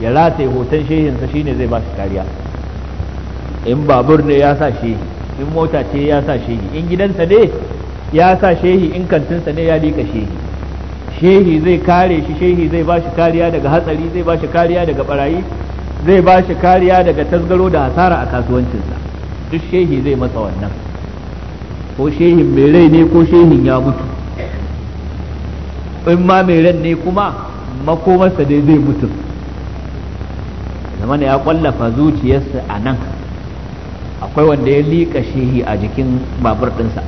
ya rataye hoton shehinsa shine zai ba shi kariya in babur ne ya sa shehi in mota ce ya sa shehi in gidansa ne ya sa shehi in kantinsa ne ya liƙa shehi shehi zai kare shi shehi zai ba shi kariya daga hatsari zai ba shi kariya daga barayi zai ba shi kariya daga tasgaro da hasara a kasuwancinsa duk shehi zai masa wannan ko shehin mai rai ne ko shehin ya mutu in ma mai ran ne kuma makomarsa dai zai mutu zamana ya kwallafa zuciyarsa a nan akwai wanda ya liƙa shehi a jikin babur ɗinsa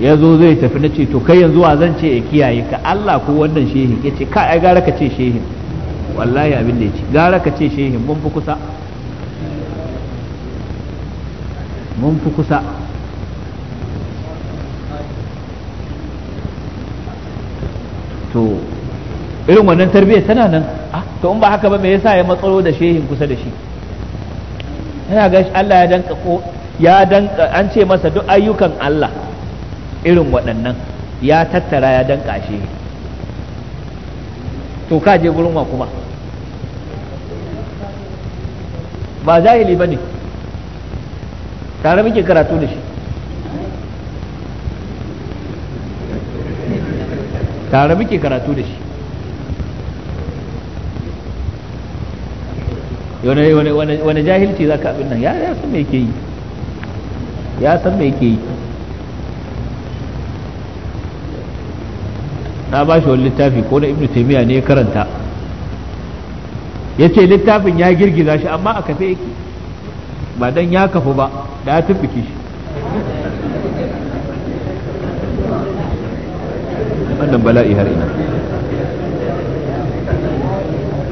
ya zo zai tafi na ce to kai yanzu wa zan ce ya kiyaye ka Allah ko wannan shehin ya ce ka ai gara ka ce shehin wallahi abin da ya ci gara ka ce shehin mun fi kusa mun fi kusa to irin wannan tarbiyyar tana nan to in ba haka ba me yasa ya matsalo da shehin kusa da shi yana ga Allah ya danka ko ya danka an ce masa duk ayyukan Allah irin waɗannan ya tattara ya danka shi to ka je gurin wa kuma ba jahili ba ne tare muke karatu da shi tare muke karatu da shi wani jahilci za ka abin nan ya san mai yake yi ya san mai yake yi na ba shi wani littafi ko na ibnu taimiyya ne ya karanta ya ce littafin ya girgiza shi amma a kafe yake ba dan ya kafu ba da ya tuffike shi wannan bala'i har ina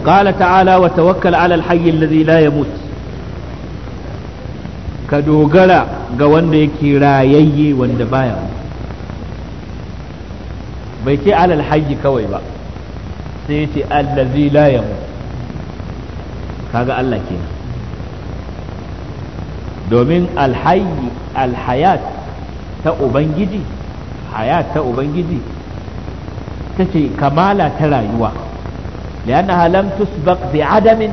قال تعالى وتوكل على الحي الذي لا ka dogara ga wanda yake rayayye wanda baya bai ce alal hayyi kawai ba sai ya ce allazi la yamut kaga Allah kenan domin alhayat ta ubangiji hayat ta ubangiji ta ce kamala ta rayuwa liannaha lam tusbaq bi adamin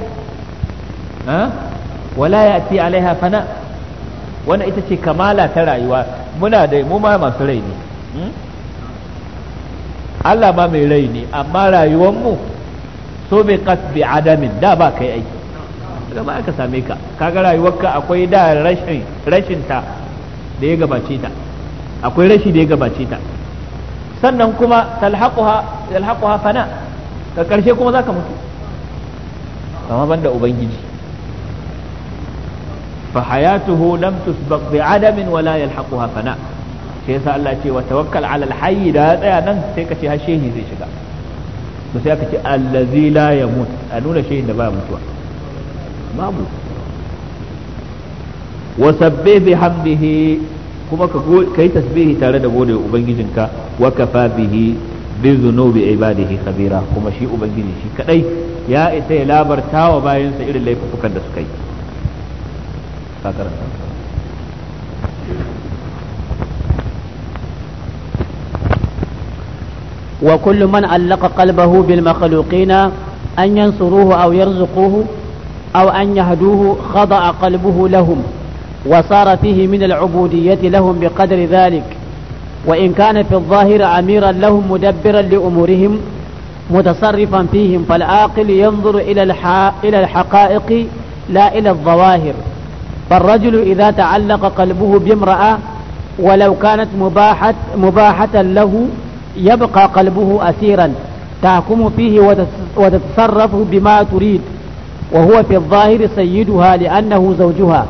wala yati alaiha fana wannan ita ce kamala ta rayuwa muna da mu ma masu rai ne hmm? Allah ma mai rai ne amma rayuwar mu so bi qasbi adamin da ba kai aiki gaba aka same ka kaga rayuwarka akwai da rashin rashin ta da ya gabace ta akwai rashi da ya gabace ta sannan kuma talhaquha talhaquha fana ka karshe kuma zaka mutu amma banda ubangiji fa hayatuhu lam tusbaq bi adamin wala yalhaquha fana sai yasa Allah ce wa tawakkal ala alhayy da ya tsaya nan sai ka ce har shehi zai shiga to sai aka ce allazi la yamut a nuna shehin da baya mutuwa babu wa sabbih bihamdihi kuma ka kai tasbihi tare da gode ubangijinka wa kafa bihi bi zunubi ibadihi khabira kuma shi ubangiji shi kadai ya isa ya labarta wa bayansa irin laifukan da suka yi وكل من علق قلبه بالمخلوقين أن ينصروه أو يرزقوه أو أن يهدوه خضع قلبه لهم وصار فيه من العبودية لهم بقدر ذلك وإن كان في الظاهر أميرا لهم مدبرا لأمورهم متصرفا فيهم فالعاقل ينظر إلى, إلى الحقائق لا إلى الظواهر فالرجل إذا تعلق قلبه بامرأة ولو كانت مباحة, مباحة له يبقى قلبه أسيرا تحكم فيه وتتصرف بما تريد وهو في الظاهر سيدها لأنه زوجها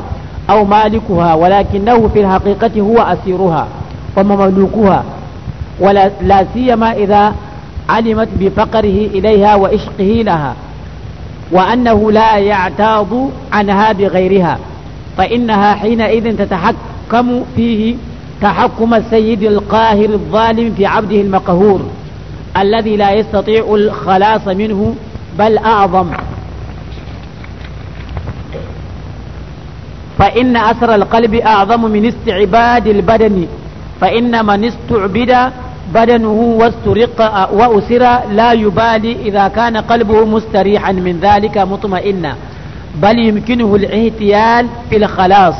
أو مالكها ولكنه في الحقيقة هو أسيرها ومملوكها ولا سيما إذا علمت بفقره إليها وإشقه لها وأنه لا يعتاض عنها بغيرها فإنها حينئذ تتحكم فيه تحكم السيد القاهر الظالم في عبده المقهور الذي لا يستطيع الخلاص منه بل أعظم فإن أسر القلب أعظم من استعباد البدن فإن من استعبد بدنه واسترق وأسر لا يبالي إذا كان قلبه مستريحا من ذلك مطمئنا بل يمكنه الاعتيال في الخلاص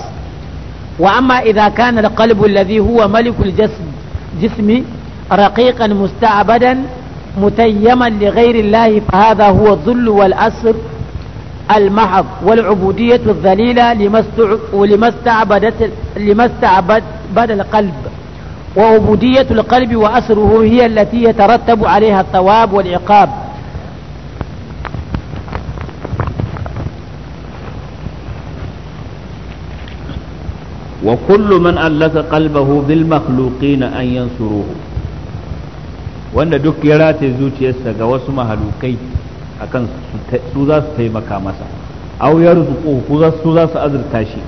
وأما إذا كان القلب الذي هو ملك الجسم جسم رقيقا مستعبدا متيما لغير الله فهذا هو الظل والأسر المحض والعبودية الذليلة لما استعبدت لما استعبد القلب وعبودية القلب وأسره هي التي يترتب عليها الثواب والعقاب وكل من ألف قلبه بالمخلوقين أن ينصروه وأن دك يراتي زوجي يسا وسمها لوكيت akan su za su taimaka masa aw yarzuquhu ko su za su azurta shi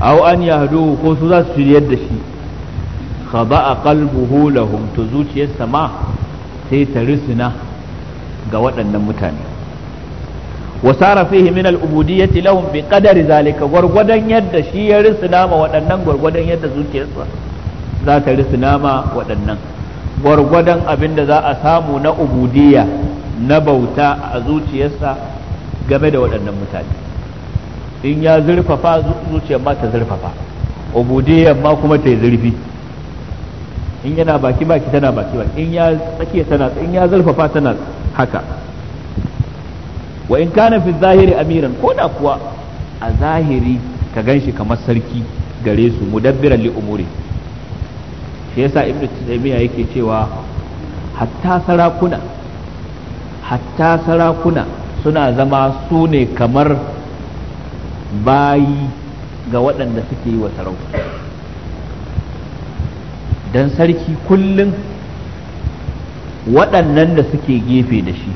aw an yahduhu ko su za su shiryar da shi a qalbuhu lahum to zuciyarsa ma sai ta risina ga waɗannan mutane sara fihi min al-ubudiyyati lahum bi qadari zalika gurgudan yadda shi ya risina ma waɗannan gurgudan yadda zuciyarsa za ta risina ma waɗannan gurgudan abin da za a samu na ubudiyya na bauta a zuciyarsa game da waɗannan mutane in ya zurfafa zuciyar ma ta zurfafa ubudiyyar ma kuma ta yi zurfi in yana baki baki tana baki baki in ya tsakiya tana in ya zurfafa tana haka wa in kana fi zahiri amiran ko da kuwa a zahiri ka ganshi kamar sarki gare su mudabbiran li umuri shi yasa ibnu taymiya yake cewa hatta sarakuna hatta sarakuna suna zama su ne kamar bayi ga waɗanda suke yi wa sarauta don sarki kullum waɗannan da suke gefe da shi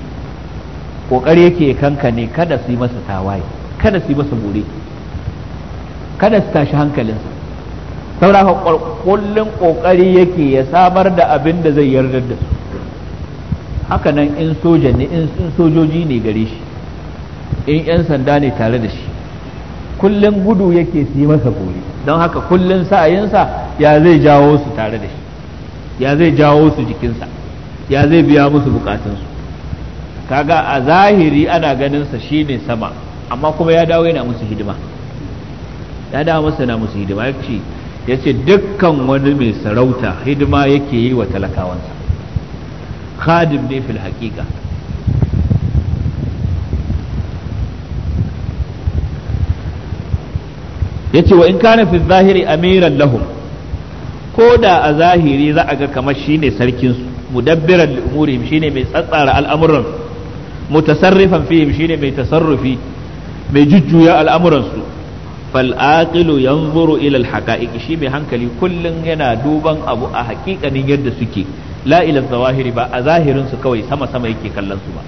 ƙoƙari yake kanka ne kada su yi masa tawaye kada su yi masa bore kada su tashi hankalinsa sauraka kullum ƙoƙari yake ya samar da abin da zai yarda da su haka nan in soja ne in sojoji ne gare shi in 'yan sanda ne tare da shi kullum gudu yake su yi masa kore don haka kullum sa'ayinsa ya zai jawo su tare da shi ya zai jawo su jikinsa ya zai biya musu bukatunsu kaga a zahiri ana ganinsa shi ne sama amma kuma ya dawo yana musu hidima ya dawo masa na musu hidima ya ce dukkan wani mai sarauta hidima yake yi wa talakawansa khadim ne fil haqiqa yace wa in kana fi zahiri amiran lahu ko da a zahiri za a ga kamar shine sarkin su mudabbiran li shine mai tsatsara al'amuran mutasarrifan fihim shine mai tasarrufi mai jujjuya al'amuransu su fal aqilu yanzuru ila al haqa'iq shi mai hankali kullum yana duban abu a haƙiƙanin yadda suke la'ilar zawahiri ba a zahirin su kawai sama sama yake kallon su ba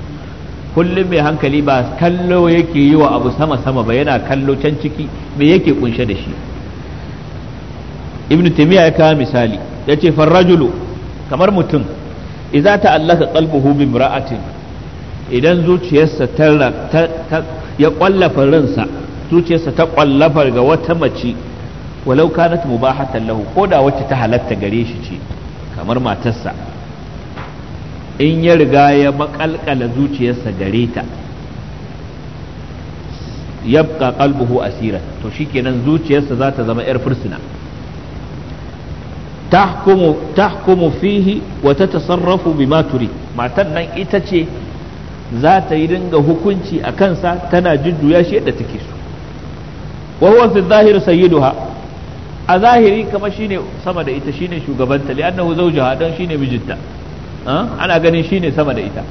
kullum mai hankali ba kallo yake yi wa abu sama sama ba yana kallo can ciki me yake kunshe da shi ibn taymiya ya kawo misali ya ce farrajulu kamar mutum idza ta qalbuhu bi imra'atin idan zuciyarsa ta ya kwallafa ransa zuciyarsa ta kwallafa ga wata mace walau kanat mubahatan lahu ko da wacce ta halatta gare shi ce kamar matarsa in ya riga ya makalkala zuciyarsa gare ta yabqa qalbuhu asira to shikenan zuciyarsa za ta zama yar fursuna tahkumu tahkumu fihi wata tasarrafu bima turi matan nan ita ce za ta yi dinga hukunci a kansa tana jujjuya shi yadda take so wa huwa fi dhahir sayyiduha a zahiri kama shine sama da ita shine shugabanta li'annahu zawjaha dan shine mijinta ana ganin shine sama da ita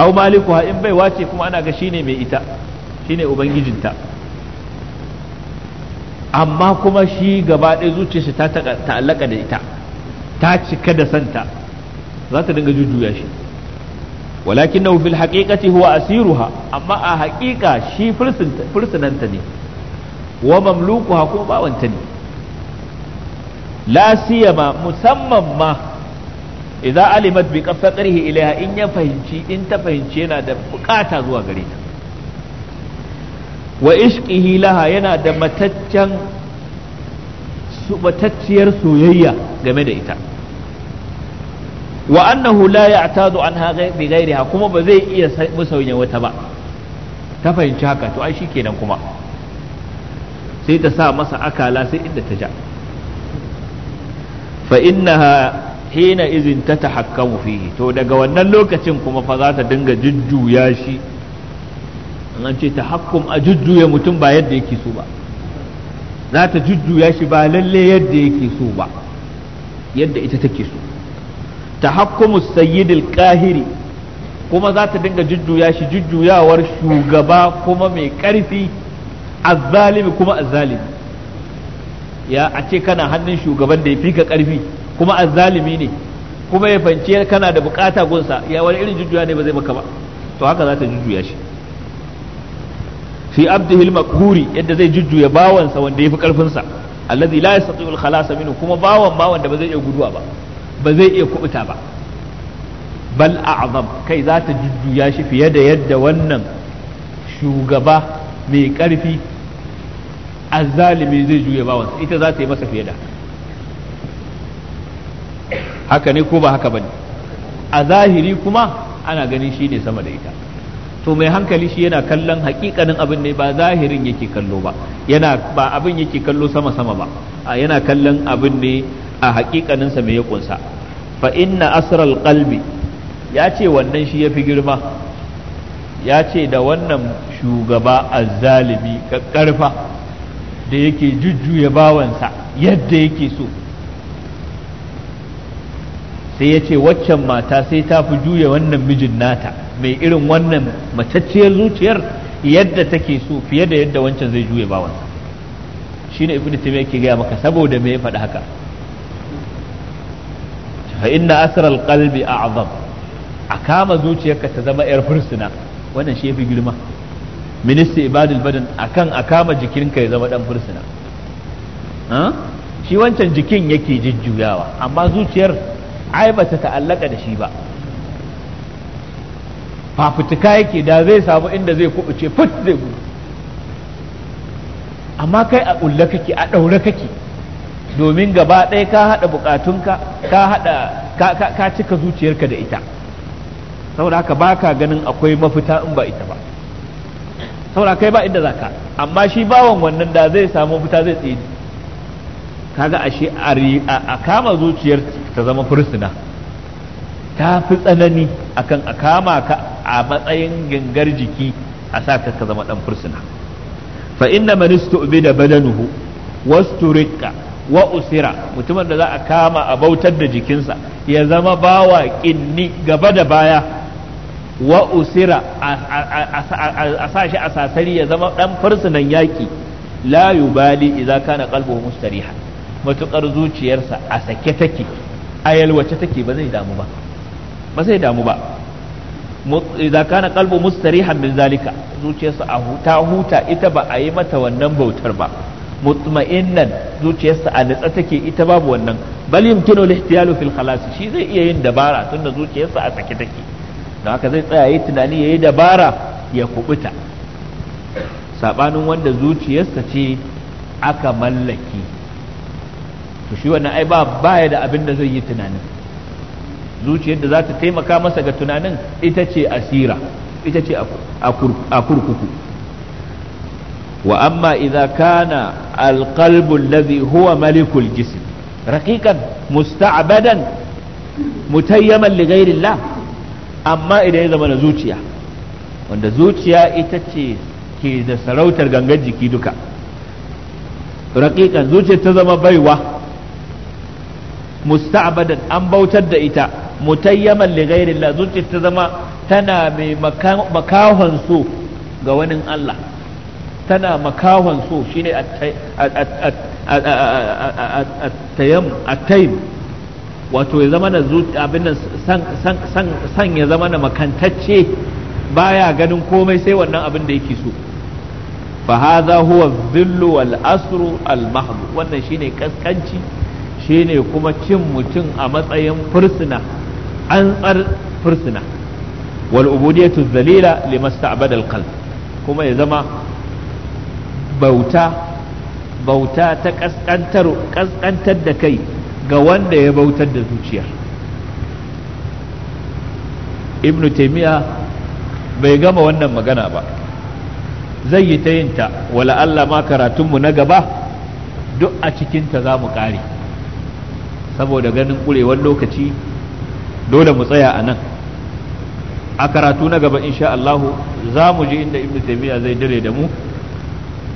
aw malikuha in bai wace kuma ana ga shine mai ita shine ubangijinta amma kuma shi gaba ɗaya zuciyarsa ta ta'allaka da ita ta cika da santa za ta dinga jujjuya shi walakin fil haqiqati huwa asiruha amma a haƙiƙa shi fursunanta ne wa mamlukuha kuma bawanta ne la musamman ma idza alimat bi qafaqrihi ilaiha in ya fahimci in ta fahimci yana da bukata zuwa gare ta wa ishqihi laha yana da mataccen matacciyar soyayya game da ita wa annahu la ya'tadu anha bi ghairiha kuma ba zai iya musauya wata ba ta fahimci haka to ai shikenan kuma sai ta sa masa akala sai inda ta ja fa innaha hina izin ta tahakkamu fihi to daga wannan lokacin kuma fa za ta dinga jujjuya shi an ce ta tahakkum a jujjuya mutum ba yadda yake so ba za ta jujjuya shi ba lalle yadda yake so ba yadda ita take so ta tahakkumu sayyidil kahiri kuma za ta dinga jujjuya shi jujjuyawar shugaba kuma mai karfi azzalimi kuma azzalimi ya a ce kana hannun shugaban da ya fi ka karfi kuma azzalimi ne kuma ya fance kana da bukata gunsa ya wani irin jujjuya ne ba zai maka ba to haka za ta jujjuya shi fi abdihil makhuri yadda zai jujjuya bawansa wanda ya fi karfinsa allazi la yastati'u al-khalas minhu kuma bawan ma wanda ba zai iya guduwa ba ba zai iya kubuta ba bal a'zam kai za ta jujjuya shi fiye da yadda wannan shugaba mai karfi azzalimi zai juye bawansa ita za ta yi masa fiye da haka ne ko ba haka bane a zahiri kuma ana ganin shi ne sama da ita to mai hankali shi yana kallon hakikanin abin ne ba zahirin yake kallo ba yana ba abin yake kallo sama sama ba a yana kallon abin ne a hakikanin sa mai ya kunsa fa inna asral qalbi ya ce wannan shi yafi girma ya ce da wannan shugaba azzalimi karfa da yake jujjuya bawansa yadda yake so sai ya ce waccan mata sai ta fi juya wannan mijin nata mai irin wannan matacciyar zuciyar yadda take so fiye da yadda wancan zai juya bawansa ne ibnu taymiya yake gaya maka saboda me ya faɗi haka fa inna asral qalbi a'zam a kama zuciyarka ta zama yar fursuna wannan shi yafi girma minista ibadul badan akan a kama jikinka ya zama dan fursuna shi wancan jikin yake jujjuyawa amma zuciyar ai ba ta ta'allaka da shi ba fafutuka yake da zai samu inda zai kubuce fit zai gudu amma kai a ƙulla kake a ɗaure kake domin gaba ɗaya ka haɗa buƙatunka ka haɗa ka cika zuciyarka da ita saboda haka baka ganin akwai mafita in ba ita ba Saurakai kai ba inda zaka amma shi bawan wannan da zai samu fita zai tsini kaga ashe a kama zuciyar ta zama fursuna ta fi tsanani akan a kama ka a matsayin gangar jiki a sa ka ka zama dan fursuna fa inna man istu'bida badanuhu wasturika wa usira mutumin da za a kama a bautar da jikinsa ya zama bawa kinni gaba da baya wa usira a sa shi a sasari ya zama dan fursunan yaki la yubali idza kana qalbuhu mustariha matukar zuciyarsa a sake take a yalwace take ba zai damu ba ba zai damu ba idza kana qalbu mustarihan min zalika zuciyarsa a huta huta ita ba a yi mata wannan bautar ba mutma'innan zuciyarsa a natsa take ita babu wannan bal yumkinu al-ihtiyalu fil khalas shi zai iya yin dabara tunda zuciyarsa a sake take da haka zai tsaya yi tunani ya yi dabara ya kubuta saɓanin wanda zuciyarsa ce aka mallaki to shi wannan ai ba baya da abin da zai yi tunanin zuciyar da za ta taimaka masa ga tunanin ita ce asira ita ce a kurkuku wa amma idza kana alqalbu alladhi huwa malikul jism raqiqan musta'badan mutayyaman li ghayrillah amma idan ya zama na zuciya wanda zuciya ita ce ke da sarautar gangan jiki duka raƙiƙan zuciya ta zama baiwa musta'abadan an bautar da ita mutayyaman li la, zuciya ta zama tana mai makahon so ga wani Allah tana makahon so shine at-tayyam at wato ya zama na abin san ya zama na makantacce baya ganin komai sai wannan abin da yake so fa hadha huwa dhillu wal asru al mahd wannan shine kaskanci shine kuma cin mutum a matsayin fursuna an tsar fursuna wal ubudiyatu dhalila limasta'bada al qalb kuma ya zama bauta bauta ta kaskantar kaskantar da kai ga wanda ya bautar da zuciyar ibnu taimiyya bai gama wannan magana ba zai yi ta yinta wala Allah ma karatunmu na gaba duk a cikinta za mu kare? saboda ganin ƙurewar lokaci dole mu tsaya a nan a karatu na gaba insha Allahu za mu ji inda ibnu taimiyya zai dare da mu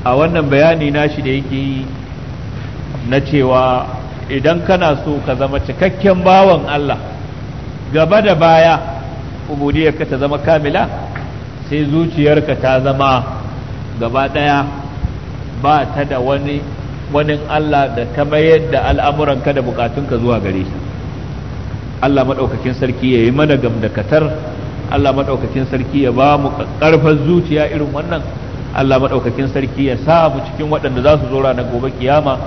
a wannan bayani nashi da yake yi na cewa idan kana so ka zama cikakken bawan Allah gaba da baya ubudiyarka ta zama kamila sai zuciyarka ta zama gaba ɗaya ba ta da wani wani Allah da ta mayar da al'amuranka da bukatunka zuwa gare shi Allah maɗaukakin sarki ya yi mana gamdakatar Allah maɗaukakin sarki ya ba mu ƙarfar zuciya irin wannan Allah maɗaukakin sarki ya sa mu cikin waɗanda za su zo ranar gobe kiyama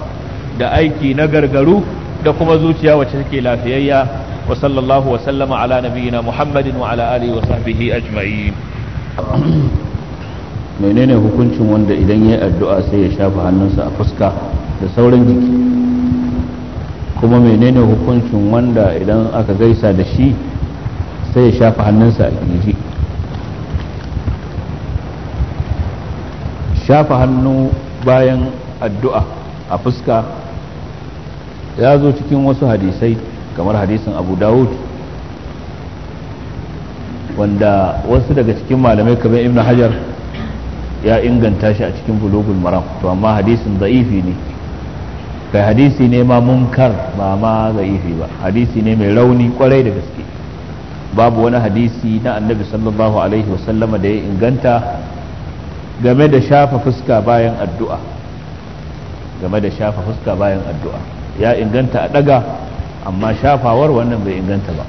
da aiki na gargaru da kuma zuciya wacce take lafiyayya wa sallallahu wa sallama ala nabiyyina muhammadin wa ala alihi wa sahbihi ajma'in menene hukuncin wanda idan ya addu'a sai ya shafa hannunsa a fuska da sauran jiki kuma menene hukuncin wanda idan aka gaisa da shi sai ya shafa hannunsa a kirji shafa hannu bayan addu'a a fuska ya zo cikin wasu hadisai kamar hadisin abu dawud wanda wasu daga cikin malamai kamar ibn hajar ya inganta shi a cikin bulugul maram to amma hadisin za'ifi ne kai hadisi ne ma munkar ba ma za'ifi ba hadisi ne mai rauni kwarai da gaske babu wani hadisi na annabi sallallahu alaihi wasallama da ya inganta game da shafa fuska bayan addu'a game da shafa fuska bayan addu'a ya inganta a daga amma shafawar wannan bai inganta ba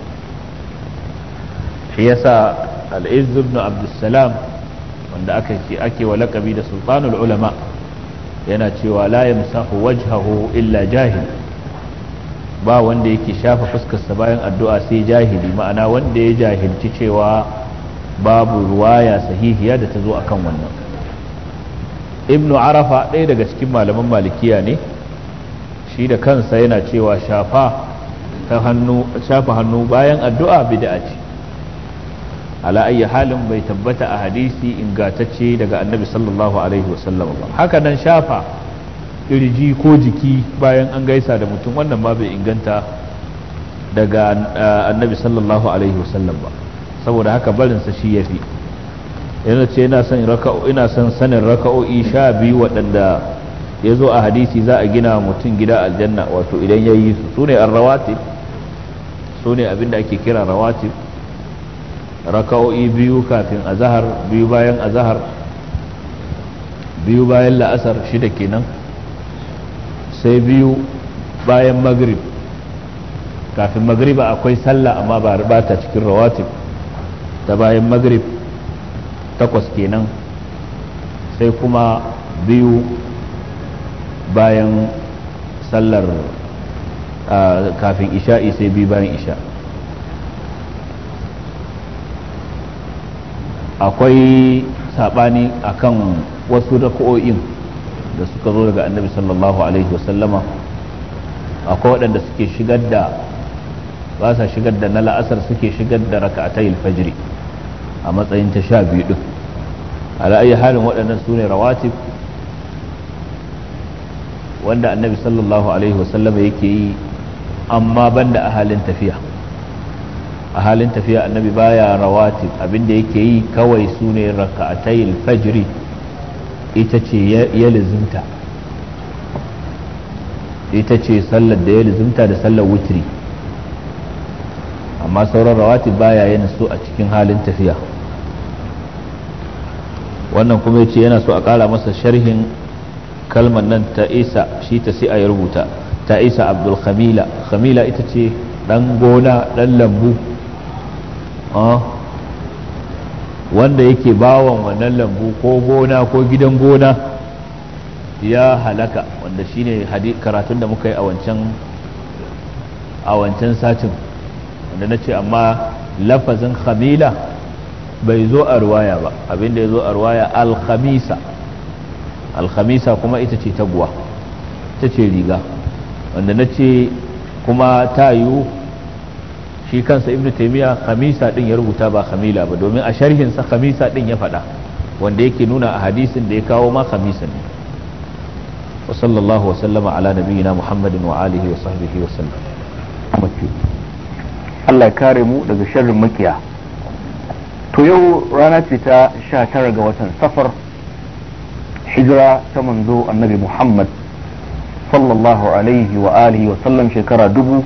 shi yasa al-izz ibn abdussalam wanda aka ce ake wa laqabi da sultanul ulama yana cewa la yamsahu wajhahu illa jahil ba wanda yake shafa fuskarsa bayan addu'a sai jahili ma'ana wanda ya jahilci cewa babu ruwaya sahihiya da ta zo akan wannan ibnu arafa ɗaya daga cikin malaman malikiya ne shi da kansa yana cewa shafa hannu bayan addu'a bid'a ce ala ayyi halin bai tabbata a hadisi ingantacce daga annabi sallallahu alaihi wasallam ba haka nan shafa kirji ko jiki bayan an gaisa da mutum wannan ma bai inganta daga annabi sallallahu alaihi wasallam ba saboda haka barinsa shi yafi yana ce ina son sanin raka'o'i sha biyu waɗanda ya zo a hadisi za a gina mutum gida aljanna wato idan ya yi su su ne an rawati su ne abinda ake kira rawati raka'o'i biyu kafin azahar biyu bayan azahar biyu bayan la'asar shida kenan sai biyu bayan magrib kafin magriba akwai sallah amma ba ta cikin rawatib ta bayan magrib takwas kenan sai kuma biyu bayan sallar kafin isha'i sai biyu bayan isha akwai saɓani a kan wasu rako'o'in da suka zo daga annabi sallallahu alaihi wasallama akwai waɗanda suke shigar da ba sa shigar da na la'asar suke shigar da raka'atai fajri a matsayin ta sha biyu ɗin ala'ayi halin waɗannan su ne rawatib wanda annabi sallallahu alaihi wasallam yake yi amma banda a halin tafiya a halin tafiya annabi baya rawatib abinda yake yi kawai su ne raka'atayil fajri ita ce ya ita ce sallar da ya da sallar wutri amma sauran rawatib baya yana so a cikin halin tafiya wannan kuma yace yana so a kara masa sharhin kalmar nan ta isa shi ta sai a yi rubuta ta isa abdul khamila khamila ita ce dan gona dan lambu ah. wanda yake bawan wannan lambu ko gona ko gidan gona ya halaka wanda ne karatun da muka yi a wancan satin wanda na ce amma lafazin khamila bai zo a ruwaya ba abinda ya zo a ruwaya alkhamisa alhamisa kuma ita ce taguwa ita ce riga wanda na ce kuma ta yiwu shi kansa ibn taimiyya khamisa din ya rubuta ba hamila ba domin a sharhinsa hamisa din ya faɗa wanda yake nuna a hadisin da ya kawo ma hamisa ne wa sallallahu wa sallama ala nabiyyina muhammadin wa alihi wa sahbihi wa sallam Allah ya kare mu daga sharrin makiya to yau rana ce ta 19 ga watan safar hijira ta manzo annabi muhammad sallallahu alaihi wa alihi wa sallam shekara dubu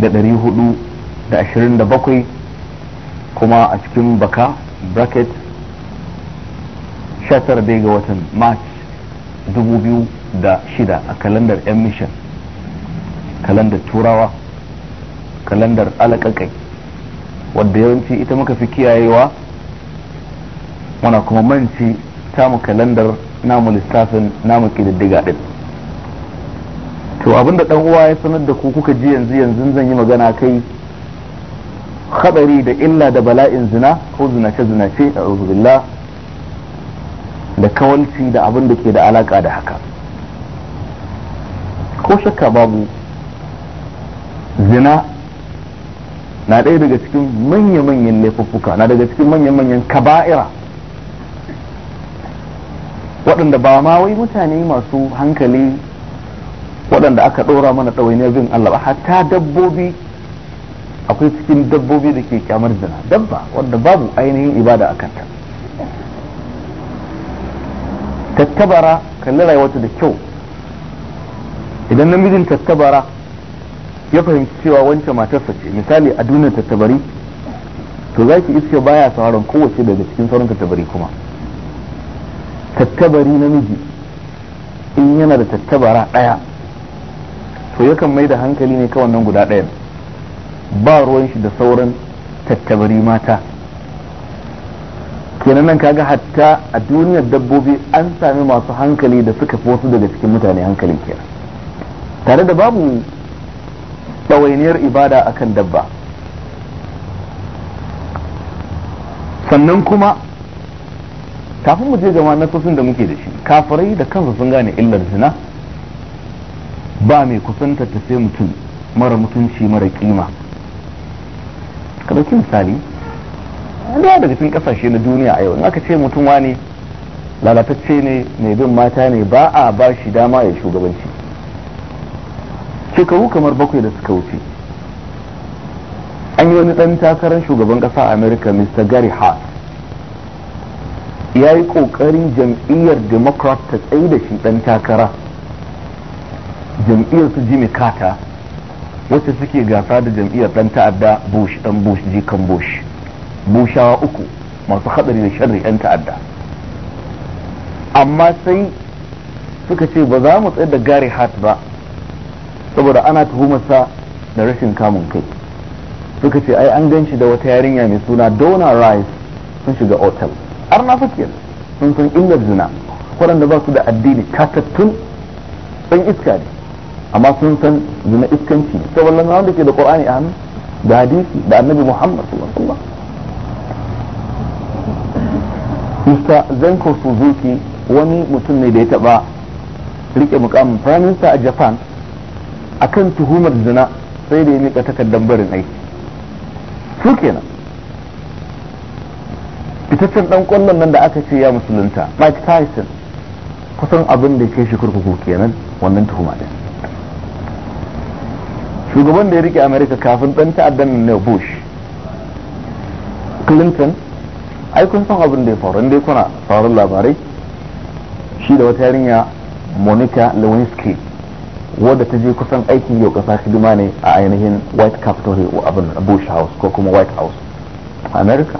da ɗari hudu da ashirin da bakwai kuma a cikin baka bracket sha tara ga watan march dubu biyu da shida a kalandar yan mission kalandar turawa kalandar alakakai wadda yawanci ita muka fi kiyayewa wana kuma manci tamu kalandar namu lissafin namu kididdiga din to abinda dan uwa ya sanar da ku kuka ji yanzu yanzu zan yi magana kai haɗari da illa da bala'in zina ko zinace zinace a billah da kawalci da abin da ke da alaka da haka ko shakka babu zina na ɗaya daga cikin manya-manyan laifuffuka na daga cikin manya-manyan kaba'ira waɗanda ba ma wai mutane masu hankali waɗanda aka ɗora mana ɗawainiyar bin Allah ba hatta dabbobi akwai cikin dabbobi da ke kyamar zina dabba wadda babu ainihin ibada a kanta tattabara kalli rayuwarta da kyau idan namijin tattabara ya fahimci cewa wancan matarsa ce misali a duniyar tattabari to za ki iske baya sauran kowace daga cikin sauran tattabari kuma tattabari na miji in yana da tattabara ɗaya to yakan mai da hankali ne kawai nan guda ɗaya ba ruwan shi da sauran tattabari mata kenan nan kaga hatta a duniyar dabbobi an sami masu hankali da suka fi wasu daga cikin mutane hankalin kenan tare da babu ɗawainiyar ibada akan dabba sannan kuma kafin mu je gama nasosin da muke da shi kafirai da kansu sun gane illar zina ba mai kusanta ta sai mutum mara mutunci mara kima ka dauki misali da daga cikin kasashe na duniya a yau in aka ce mutum wani lalatacce ne mai bin mata ne ba a ba shi dama ya shugabanci shekaru kamar bakwai da suka wuce an yi wani dan takarar shugaban kasa a america mr gary hart ya yi ƙoƙarin jam'iyyar democrat ta tsaye da shi ɗan takara jam'iyyar su jimmy carter wacce suke gasa da jam'iyyar ɗan ta'adda bush ɗan bush jikan bush bushawa uku masu haɗari da sharri 'yan ta'adda amma sai suka ce ba za mu tsaye da gari hart ba saboda ana tuhumarsa da rashin kamun kai suka ce ai an gan da wata yarinya mai suna donor rice sun shiga otal arna fakiyar sun san illar zina waɗanda ba su da addini katattun ɗan iska ne amma sun san zina iskanci ne saboda nan wanda ke da qur'ani a hannu da hadisi da annabi muhammad sallallahu alaihi wasallam Mr. Zenko Suzuki wani mutum ne da ya taɓa riƙe mukamin prime minister a Japan akan tuhumar zina sai da ya mika takardar barin aiki su kenan fitaccen dan kwallon nan da aka ce ya musulunta Mike Tyson kusan abin da ke shi kurkuku kenan wannan tuhuma din shugaban da ya rike America kafin dan ta'addan ne Bush Clinton ai kun abin da ya faru ya kuna faru labarai shi da wata yarinya Monica Lewinsky wadda ta je kusan aikin yau kasa hidima ne a ainihin White Capitol abin Bush House ko kuma White House a America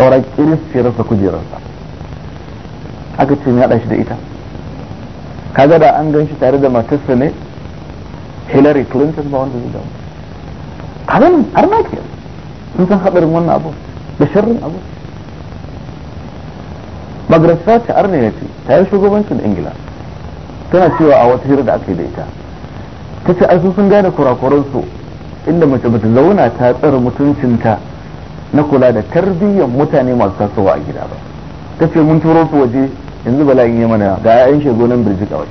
sauran kiris ya rasa kujerarsa aka ce ya shi da ita kaga da an gan shi tare da matarsa ne hillary clinton ba wanda zai damu kanan har na ke sun san haɗarin wannan abu da shirin abu magrasa ta arne ya ce ta yi shugabancin ingila tana cewa a wata hira da aka yi da ita ta ce ai sun gane kurakuransu inda mace bata zauna ta tsara mutuncinta na kula da tarbiyyar mutane masu tasowa a gida ba ta ce mun turo su waje yanzu bala'in yi mana ga 'ya'yan shagonan birjik a waje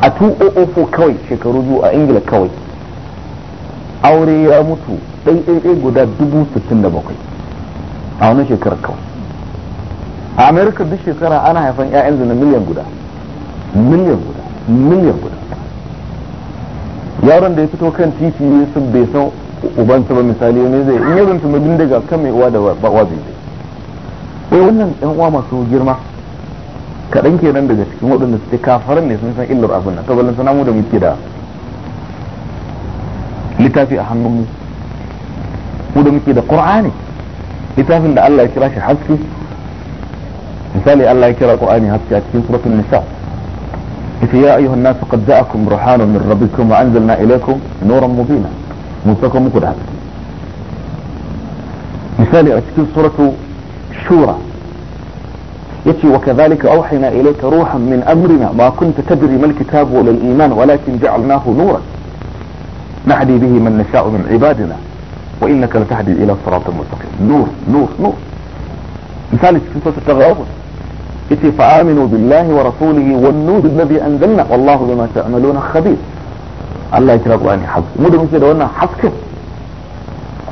a 2004 kawai shekaru biyu a ingila kawai aure ya mutu ɗaiɗaiɗai guda dubu sittin da bakwai a wani shekarar kawai a amerika duk shekara ana haifan 'ya'yan zina miliyan guda miliyan guda miliyan guda yaron da ya fito kan titi ne sun bai san ubansa ba misali ne zai in yaron ta mabin daga kan mai uwa da bawa zai zai sai wannan yan uwa masu girma kaɗan kenan daga cikin waɗanda suke kafaran ne sun san illar abin nan to ballan sanamu da muke da littafi a hannunmu mu da muke da qur'ani littafin da Allah ya kira shi haske misali Allah ya kira qur'ani haske a cikin suratul nisa yace ya ayyuhan nas qad ja'akum burhanun min rabbikum wa anzalna ilaykum nuran mubina mun sauka muku da haka misali a يتي وكذلك أوحينا إليك روحا من أمرنا ما كنت تدري ما الكتاب ولا الإيمان ولكن جعلناه نورا نهدي به من نشاء من عبادنا وإنك لتهدي إلى صراط مستقيم نور نور نور مثال في سورة التغابن يتي فآمنوا بالله ورسوله والنور الذي أنزلنا والله بما تعملون خبير Allah ya kira Qur'ani haske mu da muke da wannan haske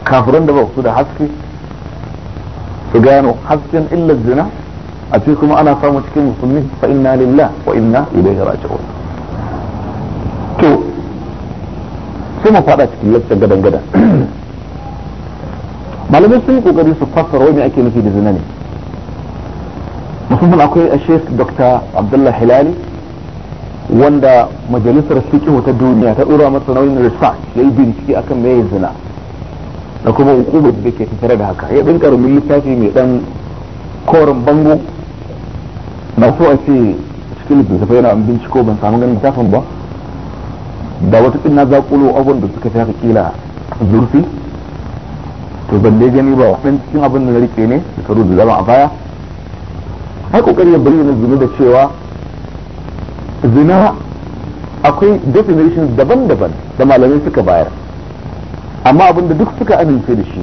kafiran da ba su da haske su gano hasken illar zina a ce kuma ana samu cikin musulmi fa inna lillah wa inna ilaihi raji'un to sai mu fada cikin laccan gadan gada malamai sun kokari su fassara wani ake nufi da zina ne musamman akwai a sheikh dr abdullah hilali wanda majalisar fiqh ta duniya ta dora masa nauyin research yi bincike akan me zina da kuma hukumar da ke tattare da haka ya din yi littafi mai ɗan koren bango na so a ce cikin littattafai yana binciko ban samu ganin littafin ba da wata na zaƙulo abin da suka shafi kila zurfi to ban dai gani ba waɗannan cikin abin da na rike ne da karu da zama a baya har kokari ya bayyana zuru da cewa zina akwai definitions daban-daban da malamai suka bayar amma abinda duk suka amince da shi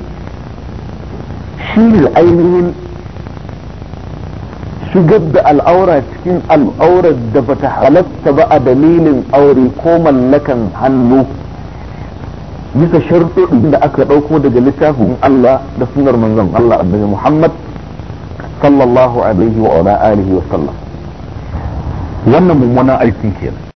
shi ne ainihin shigar da al'aura cikin al'aurar da bata halatta ba a dalilin aure ko mallakan hannu bisa sharuɗoɗi da aka ɗauko daga littafin Allah da sunar manzon Allah annabi Muhammad sallallahu alaihi wa alihi wa sallam wannan mummunan aikin kenan